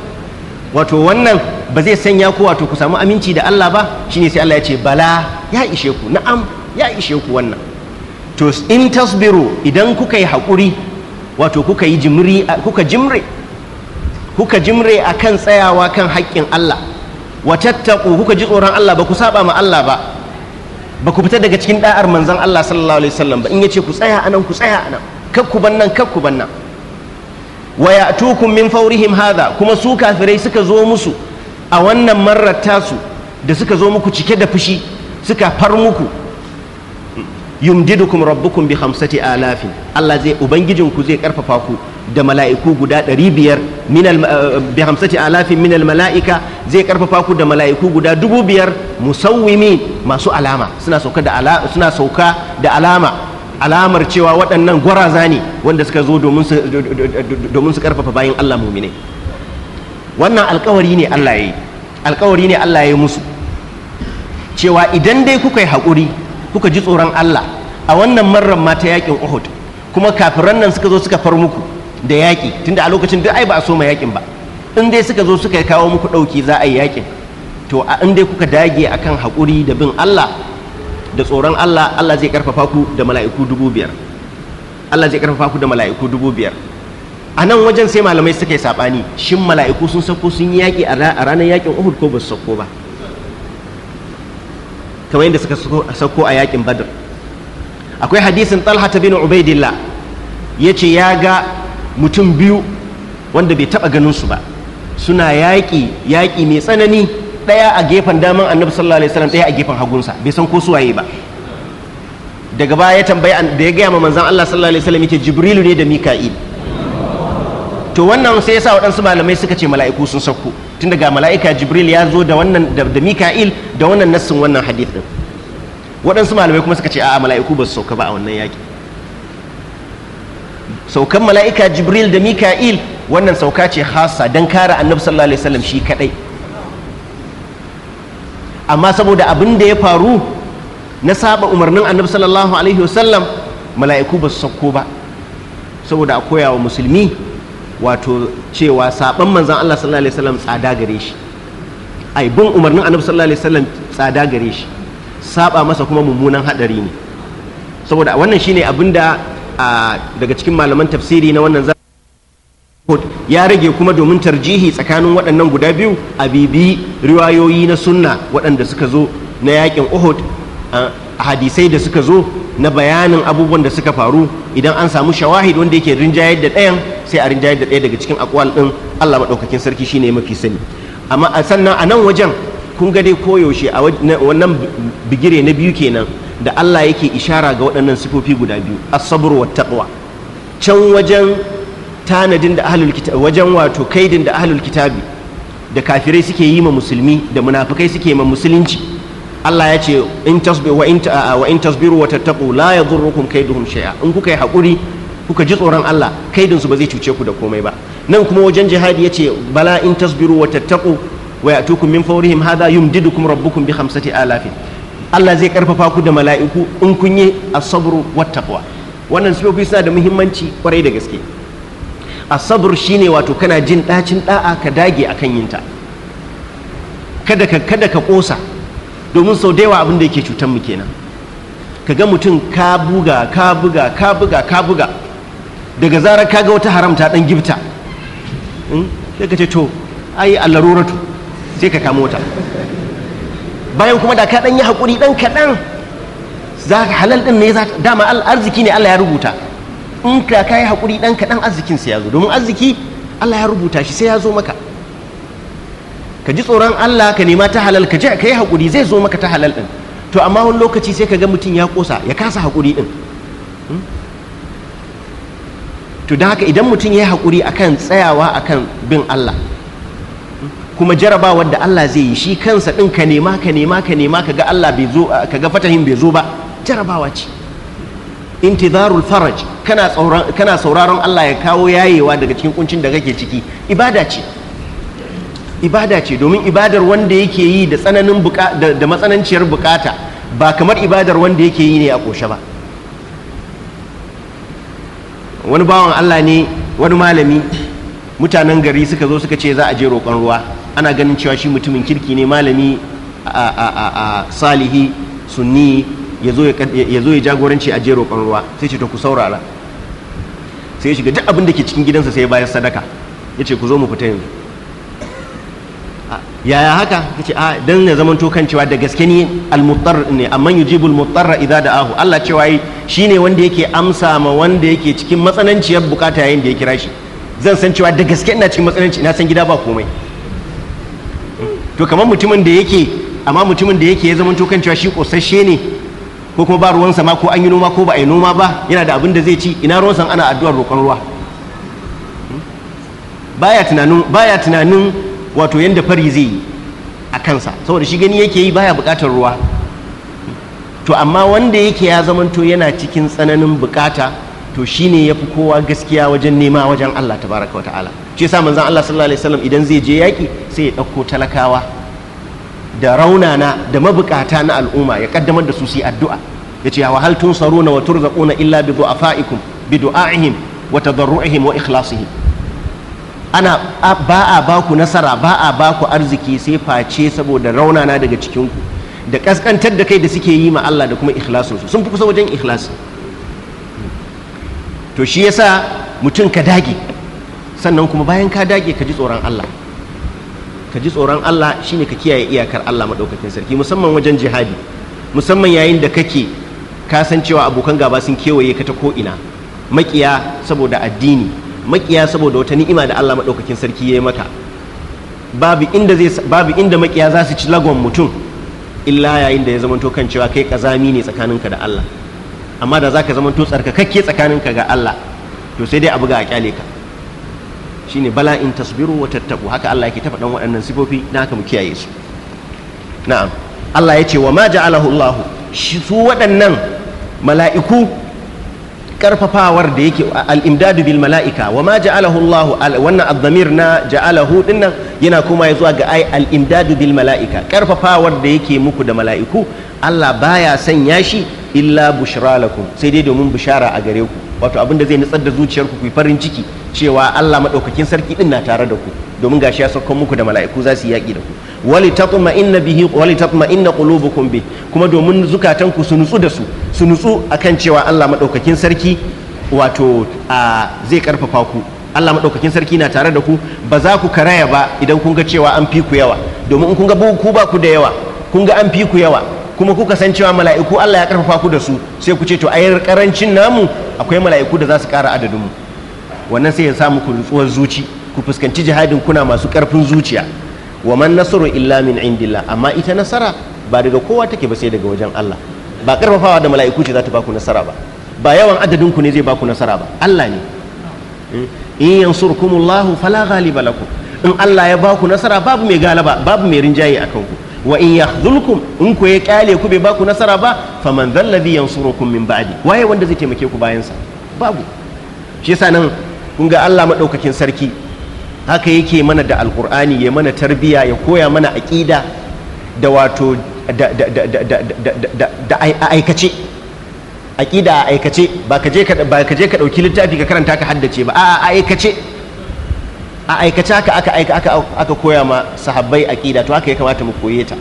Speaker 1: wato wannan ba zai sanya ku wato ku samu aminci da Allah ba shine sai Allah ya ce bala ya ishe ku na'am ya ishe ku wannan to in tasbiru idan kuka yi haƙuri wato kuka yi jimri kuka jimre kuka jimre akan tsayawa kan haƙƙin Allah wa kuka ji tsoron Allah ba ku saba ma Allah ba ba ku fita daga cikin da'ar manzon Allah sallallahu alaihi wasallam ba in yace ku tsaya anan ku tsaya anan kakku bannan kakku bannan Waya ya'tukum min fawrihim hadha kuma su kafirai suka zo musu a wannan marar tasu da suka zo muku cike da fushi suka far muku yumdidukum rabbukum bi khamsati alafin Allah zai ubangijinku zai karfafa ku da mala'iku guda 500 min eh, bi khamsati alafin min mala'ika zai karfafa ku da mala'iku guda 5000 musawwimin masu alama suna sauka da alama suna sauka da alama alamar cewa waɗannan gwaraza ne wanda suka zo domin su karfafa bayan Allah mumine wannan alkawari ne Allah ya yi alkawari ne Allah ya yi musu cewa idan dai kuka yi haƙuri kuka ji tsoron Allah a wannan marar ma ta yaƙin Uhud kuma kafiran nan suka zo suka far muku da yaƙi tunda a lokacin duk ai ba a soma yaƙin ba in dai suka zo suka kawo muku ɗauki za a yi yaƙin to a in dai kuka dage akan haƙuri da bin Allah da tsoron Allah Allah zai karfafa ku da mala'iku dubu biyar Allah zai karfafa ku da mala'iku dubu biyar a nan wajen sai malamai suka yi saɓani shin mala'iku sun sauko sun yi yaƙi a ranar yaƙin Uhud ko ba su sauko ba kamar yadda suka sauko a yaƙin Badr akwai hadisin Talha bin Ubaidillah ya ce ya ga mutum biyu wanda bai taɓa ganin su ba suna yaƙi yaƙi mai tsanani ɗaya a gefen daman annabi sallallahu alaihi wasallam ɗaya a gefen hagunsa bai san ko su waye ba daga baya ya tambaya da ya gaya ma manzon Allah sallallahu alaihi wasallam yake jibrilu ne da mika'il to wannan sai yasa waɗansu malamai suka ce mala'iku sun sauko tun daga mala'ika jibril ya zo da wannan da mika'il da wannan nassin wannan hadith din waɗansu malamai kuma suka ce a'a mala'iku ba su sauka ba a wannan yaki saukan mala'ika jibril da mika'il wannan sauka ce hasa don kare annabi sallallahu alaihi wasallam shi kadai amma saboda abin da ya faru na saba umarnin annabi sallallahu alaihi wasallam mala'iku ba su sauko ba saboda a koya wa musulmi wato cewa saban manzan Allah sallallahu alaihi wasallam tsada gare shi ai bin umarnin annabi sallallahu alaihi wasallam tsada gare shi saba masa kuma mummunan hadari ne saboda wannan shine abinda daga cikin malaman tafsiri na wannan ya rage kuma domin tarjihi tsakanin waɗannan guda biyu a bibi riwayoyi na sunna waɗanda suka zo na yakin uhud a hadisai da suka zo na bayanin abubuwan da suka faru idan an samu shawahid wanda yake rinjayar da ɗayan sai a rinjayar da ɗaya daga cikin akwal ɗin allah maɗaukakin sarki shine mafi sani amma a sannan a nan wajen kun ga dai koyaushe a wannan bigire na biyu kenan da allah yake ishara ga waɗannan sifofi guda biyu as-sabr wa can wajen tanadin da ahlul kitab wajen wato kaidin da ahlul kitabi da kafirai suke yi ma musulmi da munafikai suke ma musulunci Allah ya ce in tasbi wa in wa in tasbiru wa tattaqu la yadhurrukum kaiduhum shay'a in kuka yi hakuri kuka ji tsoron Allah kaidin su ba zai cuce ku da komai ba nan kuma wajen jihadi yace bala in tasbiru wa tattaqu wa ya'tukum min fawrihim hadha yumdidukum rabbukum bi khamsati alafin Allah zai karfafa ku da mala'iku in kun yi as-sabru wat taqwa wannan sifofi suna da muhimmanci kwarai da gaske shi ne wato kana jin ɗacin ɗa'a ka dage a kan yinta kada ka ƙosa domin sau da yawa abin da yake cutar mu kenan ka ga mutum ka buga ka buga ka buga ka buga daga zarar ka ga wata haramta ɗan gifta hmm, sai ka ce to ai allaruratu sai ka kamo ta bayan kuma da ka ɗan yi haƙuri ɗan kaɗan za ka halal ɗin ne dama arziki ne Allah ya rubuta in ka kai hakuri dan kaɗan arzikin sa ya zo domin arziki Allah ya rubuta shi sai ya zo maka ka ji tsoron Allah ka nema ta halal ka je ka yi hakuri zai zo maka ta halal ɗin, to amma wani lokaci sai ka ga mutum ya kosa ya kasa hakuri ɗin. Hmm? to don haka idan mutum ya yi hakuri akan tsayawa akan bin Allah hmm? kuma jaraba da Allah zai yi shi kansa ɗin ka nema ka nema ka nema ga Allah bai ka ga fatahin bai zo ba jarabawa ce intizarul faraj kana sauraron Allah ya kawo yayewa daga cikin kuncin da kake ciki ibada ce ibada ce domin ibadar wanda yake yi da tsananin da matsananciyar bukata ba kamar ibadar wanda yake yi ne a koshe ba wani bawan Allah ne wani malami mutanen gari suka zo suka ce za a je roƙon ruwa ana ganin cewa shi mutumin kirki ne malami a salihi sunni ya zo ya jagoranci a jero ruwa sai ce to ku saurara sai ya shiga duk abin da ke cikin gidansa sai ya bayar sadaka ya ce ku zo mu fita yanzu yaya haka ya ce a dan ya zama kan cewa da gaske ni almuttar ne amma yujibul muttarra idza da'ahu Allah cewa shi ne wanda yake amsa ma wanda yake cikin matsananciyar bukata yayin da ya kira shi zan san cewa da gaske ina cikin matsananci ina san gida ba komai to kamar mutumin da yake amma mutumin da yake ya zama kan cewa shi kosasshe ne ko kuma ba ruwansa ma ko an yi noma ko ba a yi noma ba yana da abin da zai ci ina ruwansa ana addu'ar roƙon ruwa hmm? baya tunanin baya tunanin wato yanda fari zai yi a kansa saboda shi gani yake yi baya buƙatar ruwa hmm? to amma wanda yake ya zamanto yana cikin tsananin buƙata to shine yafi kowa gaskiya wajen nema wajen Allah tabaraka wa ta'ala shi yasa manzon Allah sallallahu alaihi wasallam idan zai je yaki sai ya ɗauko talakawa da raunana da mabukata na al'umma ya kaddamar da su su addu'a ya ce wa hal tunsaruna wa turzaquna illa bi du'afaikum bi du'aihim wa tadarruihim wa ikhlasihim ana ba a ba ku nasara ba a ba ku arziki sai face saboda raunana daga cikin ku da kaskantar da kai da suke yi ma Allah da kuma ikhlasin su sun fi kusa wajen ikhlasi to shi yasa mutum ka dage sannan kuma bayan ka dage ka ji tsoron Allah ka ji tsoron Allah shine ka kiyaye iyakar Allah maɗaukakin sarki musamman wajen jihadi musamman yayin da kake ka cewa abokan gaba sun kewaye ka ta ko'ina maƙiya saboda addini makiya saboda wata ni'ima da Allah maɗaukakin sarki ya yi maka babu inda zai babu makiya za su ci lagon mutum illa yayin da ya zamanto kan cewa kai kazami ne tsakaninka da Allah amma da za zaka zamanto tsarkakakke tsakaninka ga Allah to sai dai a buga a kyale ka shine bala in tasbiru wa tattaku haka Allah yake tafa faɗan waɗannan sifofi na mu kiyaye su na'am Allah ya ce wa ma ja'alahu Allah shi su waɗannan mala'iku karfafawar da yake al-imdadu bil mala'ika wa ma ja'alahu Allah wannan azamir na ja'alahu dinnan yana kuma ya zuwa ga ai al-imdadu bil mala'ika karfafawar da yake muku da mala'iku Allah baya sanya shi illa bushra lakum sai dai domin bishara a gare ku wato abinda zai nutsar da zuciyarku ku yi farin ciki cewa Allah maɗaukakin sarki ɗin na tare da ku domin gashi ya saukan muku da mala'iku za su yi yaƙi da ku wali tatma inna bihi wali tatma inna qulubukum bi kuma domin zukatan ku su nutsu da su su nutsu akan cewa Allah maɗaukakin sarki wato zai karfafa ku Allah maɗaukakin sarki na tare da ku ba za ku karaya ba idan kun ga cewa an fi ku yawa domin in kun ga ku ba ku da yawa kun ga an fi ku yawa kuma kuka san cewa mala'iku Allah ya karfafa ku da su sai ku ce to ayar karancin namu akwai mala'iku da za su ƙara adadinmu. mu wannan sai ya sa muku rutsuwar zuci ku fuskanci jihadin kuna masu karfin zuciya wa man nasaru illa min indillah amma ita nasara ba daga kowa take ba sai daga wajen Allah ba karfafawa da mala'iku ce za ta baku nasara ba ba yawan adadin ku ne zai baku nasara ba Allah ne hmm? in yansurkumullahu fala ghaliba lakum in Allah ya baku nasara babu mai galaba babu mai rinjaye akan ku wa in yakhzulkum in ku ya kyale ku bai baku nasara ba faman dhalladhi yansurukum min ba'di waye wanda zai taimake ku bayan sa babu shi yasa nan kun ga Allah maɗaukakin sarki haka yake mana da alkur'ani ya mana tarbiya ya koya mana aƙida da wato da aikace aƙida a aikace ba ka je ka ɗauki littafi ka karanta ka haddace ba a aikace a aikace haka aka koya ma sahabbai aƙida to haka ya kamata mu koye ta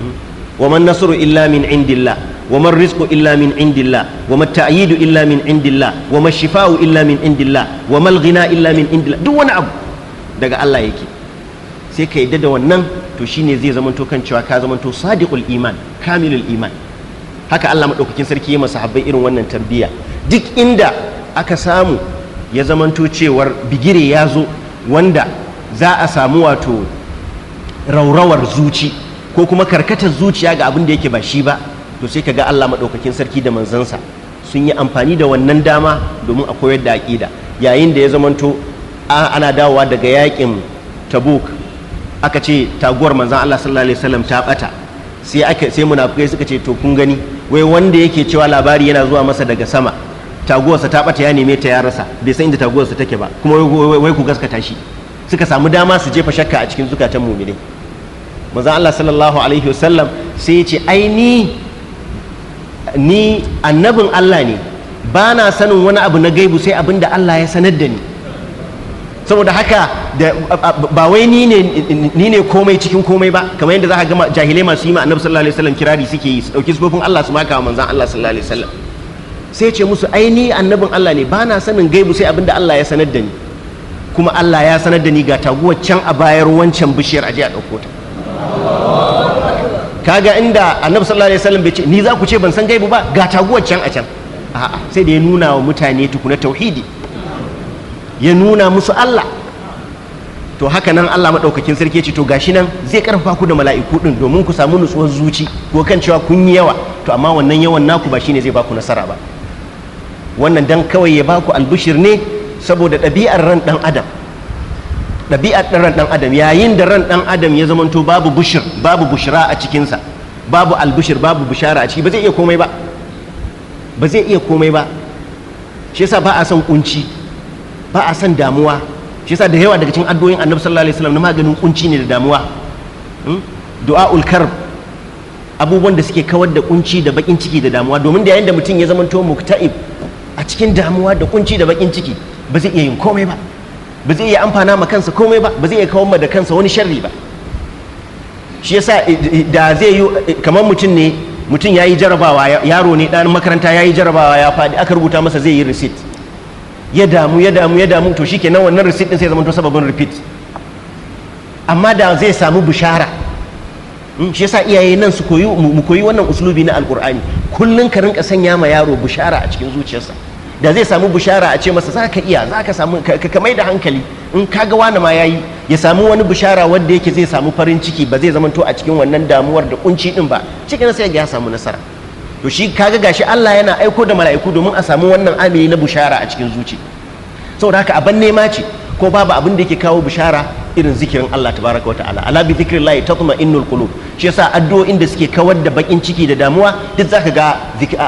Speaker 1: hmm. wa nasaru nasru illa min indillah wa man rizqu illa min indillah wa mat illa min indillah wa man shifa'u illa min indillah wa mal illa min indillah duk wani abu daga Allah yake sai ka yadda da wannan to shi ne zai zamanto kan cewa ka zamanto sadiqul iman kamilul iman haka Allah madaukakin sarki ya masa habbai irin wannan tambiya duk inda aka samu ya zamanto cewar bigire ya zo wanda za a samu wato raurawar zuci ko kuma karkatar zuciya ga abin da yake ba shi ba to sai ka ga Allah maɗaukakin sarki da manzansa sun yi amfani da wannan dama domin a koyar da aƙida yayin da ya zamanto ana dawowa daga yaƙin tabuk aka ce taguwar manzan Allah sallallahu alaihi wasallam ta ɓata sai aka sai munafukai suka ce to kun gani wai wanda yake cewa labari yana zuwa masa daga sama taguwarsa ta ɓata ya neme ta ya rasa bai san inda taguwarsa take ba kuma wai ku gaskata shi suka samu dama su jefa shakka a cikin zukatan muminai Manzan Allah sallallahu alaihi wasallam sai ya ce ai ni ni annabin Allah ne ba na sanin wani abu na gaibu sai abin da Allah ya sanar da ni saboda haka ba wai ni ne komai cikin komai ba kamar yadda za ka gama jahilai masu yi ma annabi sallallahu alaihi wasallam kirari suke yi su ɗauki sufofin Allah su maka manzan Allah sallallahu alaihi wasallam sai ce musu ai ni annabin Allah ne ba na sanin gaibu sai abin da Allah ya sanar da ni kuma Allah ya sanar da ni ga taguwar can a bayar wancan bishiyar aje a ɗauko ta kaga inda annabi sallallahu alaihi wasallam bai ce ni za ku ce ban san gaibu ba ga taguwar can a can a'a sai da ya nuna wa mutane tukuna tauhidi ya nuna musu Allah to haka nan Allah maɗaukakin sarki ce to gashi nan zai karfafa ku da mala'iku ɗin domin ku samu nutsuwar zuci ko kan cewa kun yi yawa to amma wannan yawan naku ba shine zai baku nasara ba wannan dan kawai ya baku albushir ne saboda ɗabi'ar ran ɗan adam ɗabi'ar ran ɗan adam yayin da ran ɗan adam ya zamanto babu bushir babu bushira a cikinsa babu albushir babu bushara a ciki ba zai iya komai ba ba zai iya komai ba shi yasa ba a son kunci ba a son damuwa shi yasa da yawa daga cikin addu'o'in annabi sallallahu alaihi wasallam na maganin kunci ne da damuwa hmm? du'aul karb abubuwan da suke kawar da kunci da bakin ciki da damuwa domin da yayin da mutum ya zamanto muktaib a cikin damuwa da kunci da bakin ciki ba zai iya yin komai ba ba zai iya amfana ma kansa komai ba ba zai iya kawo ma da kansa wani sharri ba shi yasa eh, eh, da zai yi eh, kamar mutum ne mutum ya yi jarabawa yaro ne ɗan makaranta ya yi jarabawa ya faɗi aka rubuta masa zai yi receipt ya damu ya damu ya damu to nan wannan receipt din sai zama to sababin repeat amma da zai samu bishara hmm, shi yasa iyaye nan su koyi mu koyi wannan uslubi na alkur'ani kullun ka rinka sanya ma yaro bishara a cikin zuciyarsa da zai samu bushara a ce masa za ka iya za ka samu ka mai da hankali in ka ga wani ma yayi ya samu wani bushara wanda yake zai samu farin ciki ba zai zamanto a cikin wannan damuwar da kunci din ba cikin sai ya samu nasara to shi ka ga gashi Allah yana aiko da mala'iku domin a samu wannan amini na bushara a cikin zuci saboda haka abin nema ce ko babu abin da yake kawo bushara irin zikirin Allah tabaraka wa ta'ala ala bi zikrillah innul qulub shi yasa addu'o'in da suke kawar da bakin ciki da damuwa duk zaka ga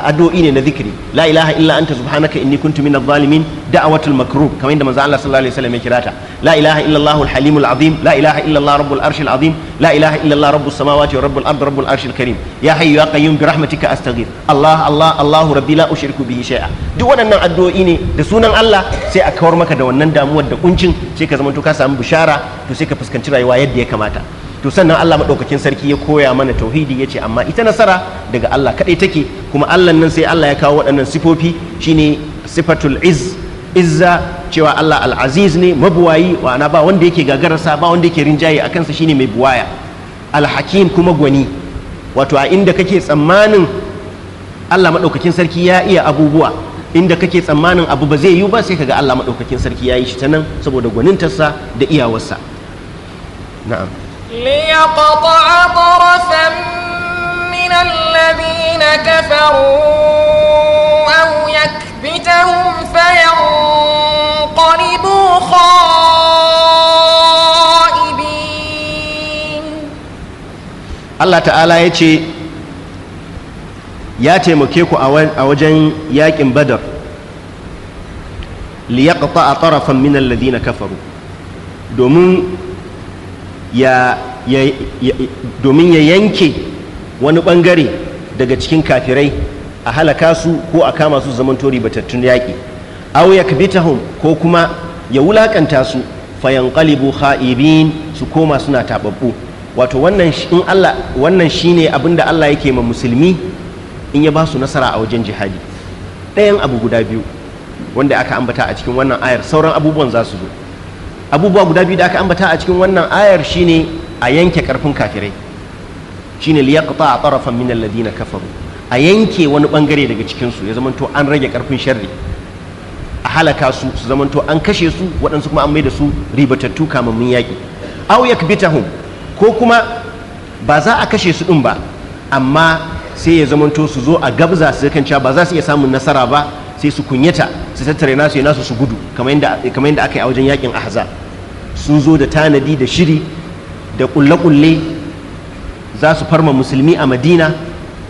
Speaker 1: addu'o'i ne na zikiri la ilaha illa anta subhanaka inni kuntu minadh zalimin da'watul makruh kamar yadda manzo Allah sallallahu alaihi wasallam ya kirata la ilaha illa Allah al-halimul azim la ilaha illa Allah rabbul arshil azim la ilaha illa Allah rabbus samawati wa rabbul ard rabbul arshil karim ya hayyu ya qayyum bi rahmatika astaghfir Allah Allah Allahu rabbi la ushriku bihi shay'a duk wannan addu'o'i ne da sunan Allah sai a kawar maka da wannan damuwar da kuncin sai ka zama to ka samu bishara to sai ka fuskanci rayuwa yadda ya kamata to sannan Allah madaukakin sarki ya koya mana tauhidi yace amma ita nasara daga Allah kadai take kuma Allah nan sai Allah ya kawo waɗannan sifofi shine sifatul iz izza cewa Allah al-aziz ne mabuwayi wa'ana ba wanda yake gagararsa ba wanda yake rinjaye a kansa shine mai buwaya al-hakim kuma gwani wato a inda kake tsammanin Allah madaukakin sarki ya iya abubuwa inda kake tsammanin abu ba zai yiwu ba sai kaga Allah maɗaukakin sarki ya yi shi ta nan saboda gwanintarsa da iyawarsa نعم
Speaker 2: ليقطع طرفا من الذين كفروا أو يكبتهم فينقلبوا خائبين
Speaker 1: الله تعالى يتي ya taimake ku a wajen yaƙin badar liyaqta a tarafan min alladhina kafaru domin domin ya yanke wani bangare daga cikin kafirai a halaka su ko a kama su zaman tori batattun yaƙi aw yakbitahum ko kuma ya wulakanta su ƙalibu ha'ibin su koma suna tababbu wato wannan in Allah abinda Allah yake ma musulmi in ya ba su nasara a wajen jihadi ɗayan abu guda biyu wanda aka ambata a cikin wannan ayar sauran abubuwan za su zo abubuwa guda biyu da aka ambata a cikin wannan ayar shine a yanke karfin kafirai shine liyaqta tarafan min alladhina kafaru a yanke wani bangare daga cikin su ya zamanto an rage karfin sharri a halaka su su zamanto an kashe su waɗansu kuma an mai da su ribatattu kamammin yaƙi aw yakbitahum ko kuma ba za a kashe su ɗin ba amma sai ya zamanto su zo a gabza su kan cewa ba za su iya samun nasara ba sai su kunyata su tattare nasu ya nasu su gudu kamar yadda aka yi a wajen yakin ahzab sun zo da tanadi da shiri da kulle-kulle za su farma musulmi a madina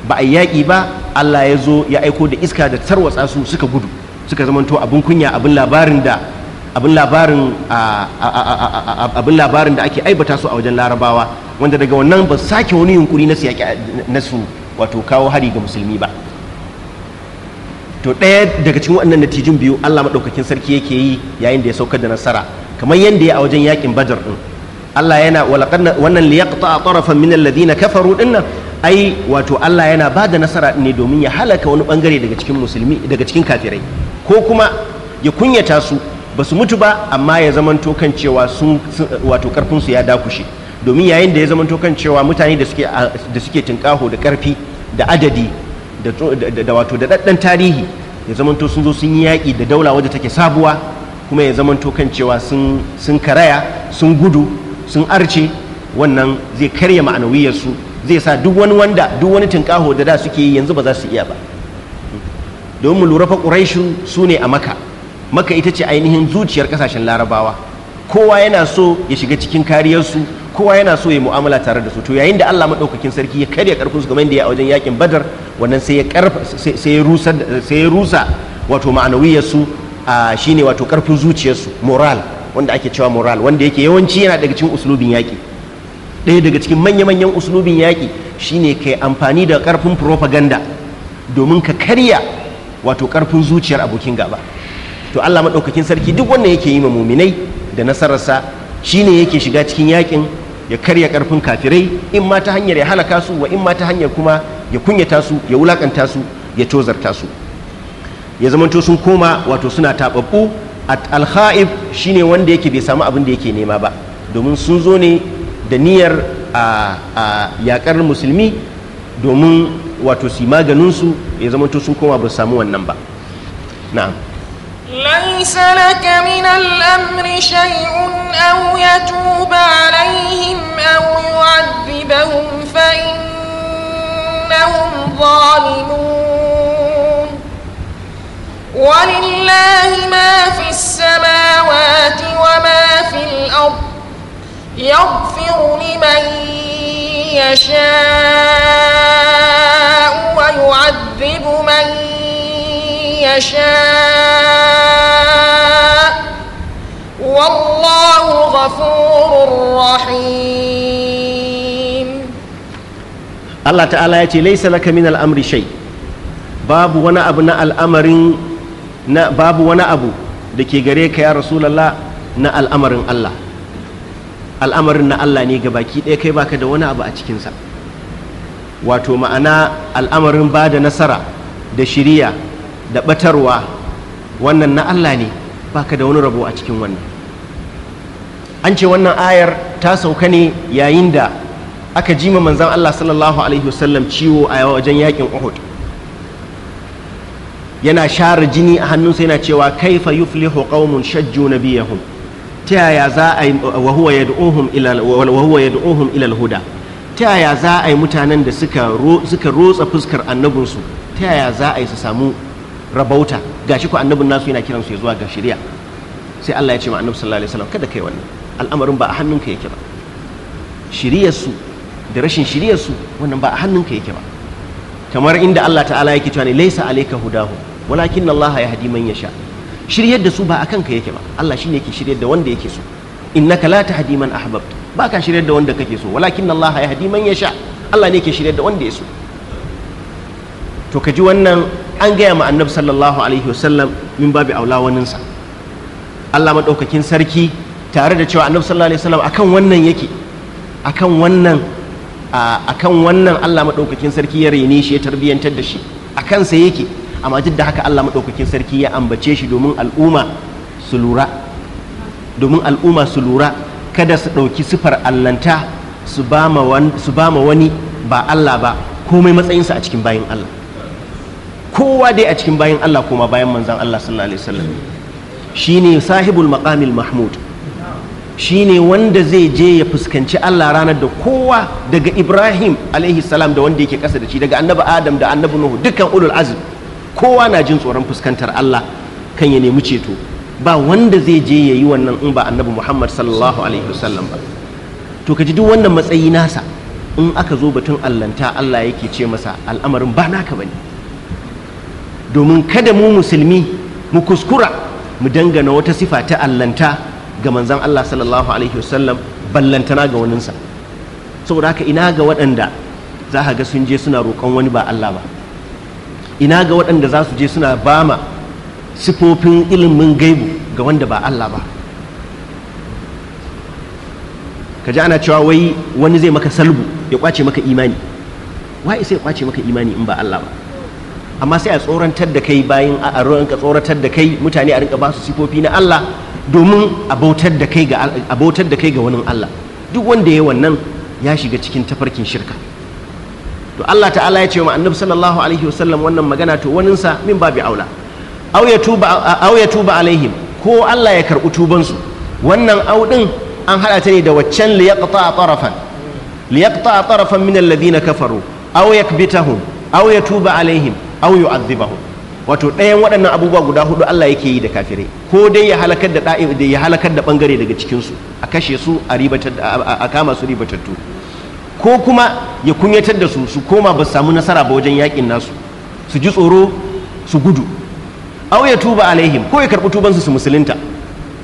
Speaker 1: ba a yaƙi ba allah ya zo ya aiko da iska da tarwatsa su suka gudu suka zamanto abin kunya abin labarin da abin labarin da ake aibata su a wajen larabawa wanda daga wannan ba sake wani yunkuri na su wato kawo hari ga musulmi ba to ɗaya daga cikin waɗannan natijin biyu allah maɗaukakin sarki yake yi yayin da ya saukar da nasara kamar yadda ya a wajen yakin badar din Allah yana walaqanna wannan liyaqta tarafan min alladhina kafaru nan. ai wato Allah yana ba da nasara ne domin ya halaka wani bangare daga cikin musulmi daga cikin kafirai ko kuma ya kunyata su basu mutu ba amma ya zamanto kan cewa sun wato karfin su ya dakushe domin yayin da ya zamanto kan cewa mutane da suke da da karfi da adadi da wato da daddan tarihi ya zamanto sun zo sun yi yaƙi da daula wadda take sabuwa kuma ya zamanto kan cewa sun karaya sun gudu sun arce wannan zai karya ma'anawiyarsu zai sa duk wani wanda duk wani tunƙaho da da suke yi yanzu ba za su iya ba domin mu lura fa su ne a maka maka ita ce ainihin zuciyar kasashen larabawa kowa yana so ya shiga cikin kariyarsu kowa yana so ya mu'amala tare da su to yayin da Allah maɗaukakin sarki ya karya ƙarfin su kamar da ya a wajen yakin badar wannan sai ya rusa wato ma'anawiyarsu shine wato karfin zuciyarsu moral wanda ake cewa moral wanda yake yawanci yana daga cikin uslubin yaƙi ɗaya daga cikin manya-manyan uslubin yaƙi shine kai amfani da karfin propaganda domin ka karya wato karfin zuciyar abokin gaba to Allah maɗaukakin sarki duk wanda yake yi ma muminai da nasararsa shine yake shiga cikin yaƙin ya karya karfin kafirai in ma ta hanyar ya halaka su wa in ma ta hanyar kuma ya kunyata su ya wulakanta su ya tozarta su ya zamanto sun koma wato suna taɓaɓɓu al shine wanda yake bai samu abin da yake nema ba domin sun zo ne da niyyar a yakar musulmi domin wato su maganinsu ya zamanto sun koma ba su samu wannan ba na'am
Speaker 2: ليس لك من الأمر شيء أو يتوب عليهم أو يعذبهم فإنهم ظالمون ولله ما في السماوات وما في الأرض يغفر لمن يشاء ويعذب من يشاء والله غفور رحيم
Speaker 1: الله تعالى يتي ليس لك من الأمر شيء باب وانا أبناء الأمرين na babu wani abu da ke gare ka ya rasulallah na al'amarin Allah al'amarin na Allah ne ga baki ɗaya kai baka da wani abu a cikinsa wato ma'ana al'amarin ba da nasara da shiriya da ɓatarwa wannan na Allah ne baka da wani rabo a cikin wannan an ce wannan ayar ta sauka ne yayin da aka jima manzan Allah sallallahu alaihi wasallam ciwo a wajen yakin Uhud yana share jini a hannunsa yana cewa kaifa yuflihu qaumun shajju nabiyahum ta yaya za a yi wa huwa yad'uhum ila wa huwa yad'uhum ila al-huda ta yaya za a yi mutanen da suka suka rotsa fuskar annabinsu ta yaya za a yi su samu rabauta gashi ko annabun nasu yana kiransu ya zuwa ga shari'a sai Allah ya ce ma annabi sallallahu alaihi wasallam kada kai wannan al'amarin ba a hannunka yake ba shiriyar su da rashin shiriyar su wannan ba a hannunka yake ba kamar inda Allah ta'ala yake cewa ne laisa alayka hudahu. walakin Allah ya hadi man yasha shiryar da su ba akan ka yake ba Allah shine yake shiryar da wanda yake so innaka la tahdi man ahbabta ba ka shiryar da wanda kake so walakin Allah ya hadi man yasha Allah ne yake shiryar da wanda ya so to ka ji wannan an gaya ma annabi sallallahu alaihi wasallam min babi aula waninsa Allah madaukakin sarki tare da cewa annabi sallallahu alaihi wasallam akan wannan yake akan wannan akan wannan Allah madaukakin sarki ya rene shi ya tarbiyantar da shi akan sa yake amma duk da haka Allah maɗaukakin sarki ya ambace shi domin al'umma su lura domin al'umma su lura kada su ɗauki sifar allanta su ba ma wani ba Allah ba komai matsayinsa a cikin bayan Allah kowa dai a cikin bayan Allah kuma bayan manzan Allah sallallahu alaihi wasallam shine sahibul maqamil mahmud shine wanda zai je ya fuskanci Allah ranar da kowa daga Ibrahim alaihi salam da wanda yake kasa da shi daga annabi Adam da annabi Nuhu dukkan ulul azm kowa na jin tsoron fuskantar Allah kan ya nemi ceto ba wanda zai je ya yi wannan in ba annabi Muhammad sallallahu alaihi wasallam ba to ka ji duk wannan matsayi nasa in aka zo batun allanta Allah yake ce masa al'amarin ba naka bane domin kada mu musulmi mu kuskura mu dangana wata sifa ta allanta ga manzon Allah sallallahu alaihi wasallam ballantana ga waninsa saboda haka ina ga waɗanda za ga sun je suna roƙon wani ba Allah ba ina ga waɗanda za su je suna bama sifofin ilimin gaibu ga wanda ba Allah ba ka ji ana cewa wai wani zai maka salbu ya kwace maka imani wai sai ya kwace maka imani in ba Allah ba amma sai a tsorantar da kai bayan a rinka tsoratar da kai mutane a rinka ba su sifofi na Allah domin a bautar da kai ga wani Allah duk wanda ya wannan ya shiga cikin tafarkin shirka to Allah ta'ala ya ce wa annabi sallallahu alaihi wasallam wannan magana to sa min babi aula aw ya tuba aw ya tuba alaihim ko Allah ya karɓi tubansu wannan din an haɗa ta ne da waccan yaqta tarafan yaqta tarafan min alladhina kafaru aw yakbitahum aw ya tuba alaihim aw yu'adhibahum wato ɗayan waɗannan abubuwa guda hudu Allah yake yi da kafirai ko dai ya halakar da ya halakar da bangare daga cikin su a kashe su a kama su ribatattu ko kuma ya kunyatar da su su koma ba su samu nasara ba wajen yakin nasu su ji tsoro su gudu au ya tuba alaihim ko ya karɓi tubansu su musulunta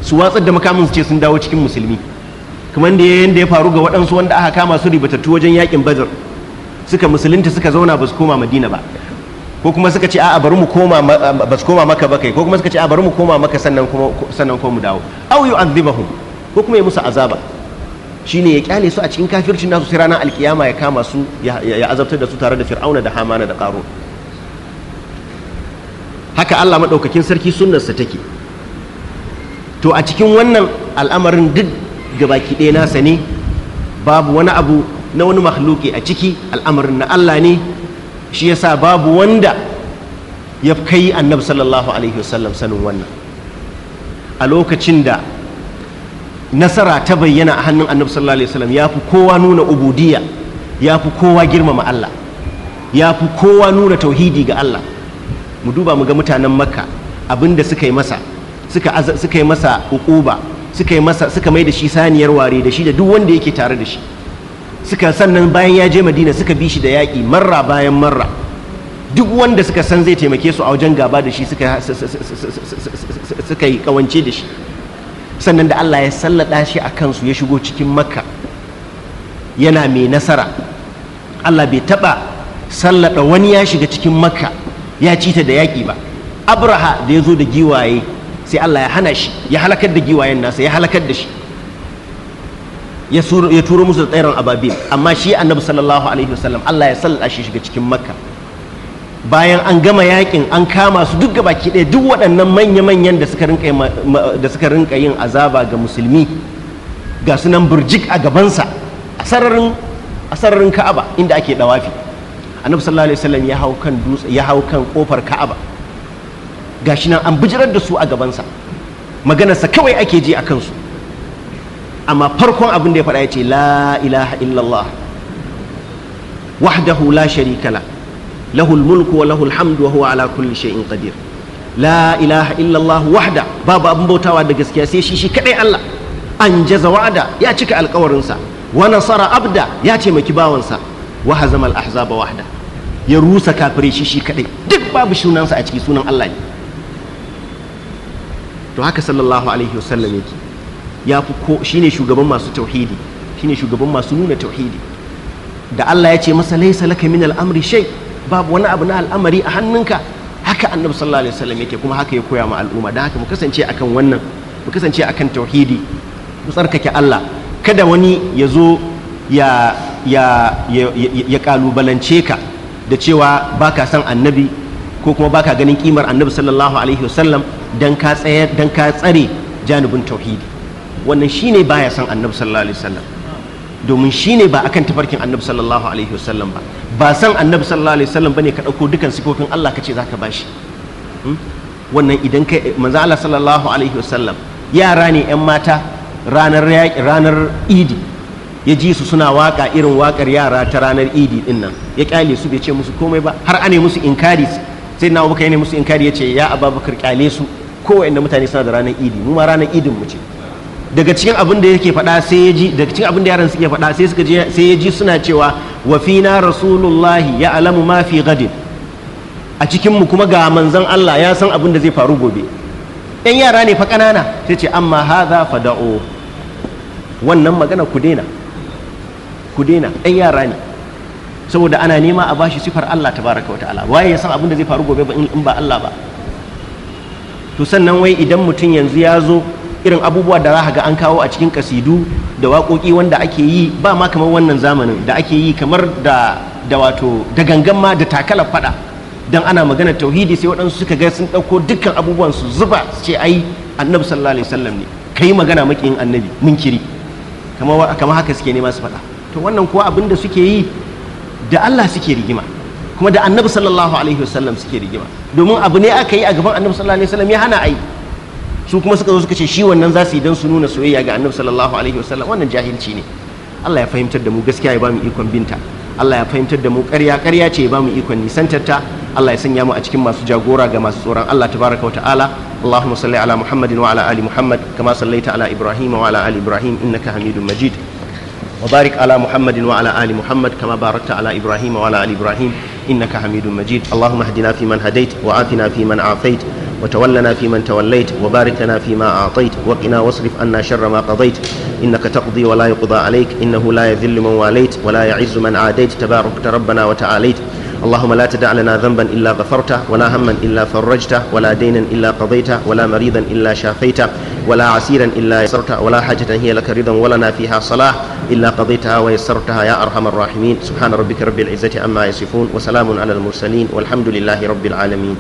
Speaker 1: su watsar da makamin su ce sun dawo cikin musulmi kamar da yanda ya faru ga waɗansu wanda aka kama su ribatattu wajen yakin badar suka musulunta suka zauna ba su koma madina ba ko kuma suka ce a'a bari mu koma ba su koma maka bakai ko kuma suka ce a'a bari mu koma maka sannan kuma sannan kuma mu dawo au yu'adhibahum ko kuma ya musu azaba shine ya kyale su a cikin kafircin nasu sai ranar alkiyama ya kama su ya azabtar da su tare da fir'auna da hamana da ƙaro haka Allah maɗaukakin sarki sunnarsa take to a cikin wannan al'amarin duk gabaki ɗaya nasa ne babu wani abu na wani mahaluki a ciki al'amarin na Allah ne shi yasa babu wanda ya kai annabi sallallahu alaihi wasallam sanin wannan a lokacin da nasara ta bayyana a hannun annabi sallallahu alaihi wasallam ya fi kowa nuna ubudiyya ya fi kowa girmama Allah ya fi kowa nuna tauhidi ga Allah mu duba mu ga mutanen makka abinda suka yi masa suka suka yi masa hukuba suka yi masa suka mai da shi saniyar ware da shi da duk wanda yake tare da shi suka sannan bayan ya je madina suka bi shi da yaki marra bayan marra duk wanda suka san zai taimake su a wajen gaba da shi suka yi kawance da shi sannan da Allah ya sallada shi a kansu ya shigo cikin makka yana mai nasara Allah bai taɓa sallada wani ya shiga cikin makka ya cita da yaƙi ba abraha da ya zo da giwaye sai Allah ya hana shi ya halakar da giwayen nasa ya halakar da shi ya turo musu da tsairan ababil amma shi annabi sallallahu alaihi wasallam Allah ya sallada shi shiga cikin makka bayan an gama yakin an kama su duk gabaki ɗaya duk waɗannan manya-manyan da suka rinka yin azaba ga musulmi ga sunan burjik a gabansa a sararin ka'aba inda ake ɗawafi annabi sallallahu alaihi wasallam ya hau kan ya hau kan kofar ka'aba Ga shi nan an bijirar da su a gabansa maganarsa kawai ake ji a kansu amma farkon abin da ya faɗa ya ce la ilaha illallah wahdahu la sharika la له الملك وله الحمد وهو على كل شيء قدير لا إله إلا الله وحده بابا أبن بوتا وعد قسكي سيشي شي كري الله أنجز وعدا يا تشك القور انسا ونصر أبدا يا تيمك باونسا وهزم الأحزاب وحده يروس كافري شي شي كري دك باب شونانسا أتكي سونان الله to haka sallallahu alaihi wasallam yake ya fi ko shine shugaban masu tauhidi shine shugaban masu nuna توحيدي da Allah ya ce masa laisa laka min al-amri shay' babu wani abu na al'amari a hannunka haka annabi sallallahu alaihi wasallam yake kuma haka ya koya ma al'umma don haka mu kasance akan wannan mu kasance akan tauhidi mu tsarkake Allah kada wani ya zo ya ya ya kalubalance ka da cewa baka son annabi ko kuma baka ganin kimar annabi sallallahu alaihi wasallam dan ka tsaya dan ka tsare janibin tauhidi wannan shine baya son annabi sallallahu alaihi wasallam domin shine ba akan tafarkin annabi sallallahu alaihi wasallam ba ba san annabi sallallahu alaihi wasallam bane ka dauko dukan sifofin Allah kace zaka bashi hmm? wannan idan kai manzo Allah sallallahu alaihi wasallam yara ne yan mata ranar ranar idi ya ji su suna waka irin wakar yara ta ranar idi din nan ya kyale su bai ce musu komai ba har ane musu inkari sai na abubakar ne musu inkari ya ce ya ababakar kyale su kowa da mutane suna da ranar idi mu ma ranar idin mu ce daga cikin abin da yake faɗa sai ya ji daga cikin abin da yaran suke faɗa sai suka je sai ya ji suna cewa Wafina rasulullahi ya alamu ma fi gadin a cikinmu kuma ga manzan Allah ya san abin da zai faru gobe yan yara ne fa ƙanana sai ce amma haza fada'o wannan magana ku daina ku daina yan yara ne saboda ana nema a bashi sifar Allah tabaraka wata'ala waye ya san abin da zai faru gobe ba in ba Allah ba to sannan wai idan mutum yanzu ya zo irin abubuwa da za ga an kawo a cikin kasidu da waƙoƙi wanda ake yi ba ma kamar wannan zamanin da ake yi kamar da da wato da gangan ma da takalar fada dan ana magana tauhidi sai waɗansu suka ga sun ɗauko dukkan abubuwan su zuba su ce ai annabi sallallahu alaihi wasallam ne kai magana yin annabi mun kamar kamar haka suke nema su faɗa to wannan kuwa abin da suke yi da Allah suke rigima kuma da annabi sallallahu alaihi wasallam suke rigima domin abu ne aka yi a gaban annabi sallallahu alaihi wasallam ya hana ai su kuma suka zo suka ce shi wannan za su yi su nuna soyayya ga annabi sallallahu alaihi wasallam wannan jahilci ne Allah ya fahimtar da mu gaskiya ya ba mu ikon binta Allah ya fahimtar da mu ƙarya ƙarya ce ya ba mu ikon nisantar ta Allah ya sanya mu a cikin masu jagora ga masu tsoron Allah tabaraka wa ta'ala Allahumma salli ala Muhammadin wa ala ali Muhammad kama sallaita ala Ibrahim wa ala ali Ibrahim innaka Hamidum Majid وبارك على محمد وعلى آل محمد كما باركت على إبراهيم وعلى آل إبراهيم إنك حميد مجيد اللهم اهدنا فيمن هديت وآتنا فيمن عافيت وتولنا فيمن توليت وبارك لنا فيما أعطيت وقنا واصرف عنا شر ما قضيت إنك تقضي ولا يقضى عليك إنه لا يذل من واليت ولا يعز من عاديت تباركت ربنا وتعاليت اللهم لا تدع لنا ذنبا إلا غفرته ولا هما إلا فرجته ولا دينا إلا قضيته ولا مريضا إلا شافيته ولا عسيرا إلا يسرته ولا حاجة هي لك رضا ولنا فيها صلاح إلا قضيتها ويسرتها يا أرحم الراحمين سبحان ربك رب العزة عما يصفون وسلام على المرسلين والحمد لله رب العالمين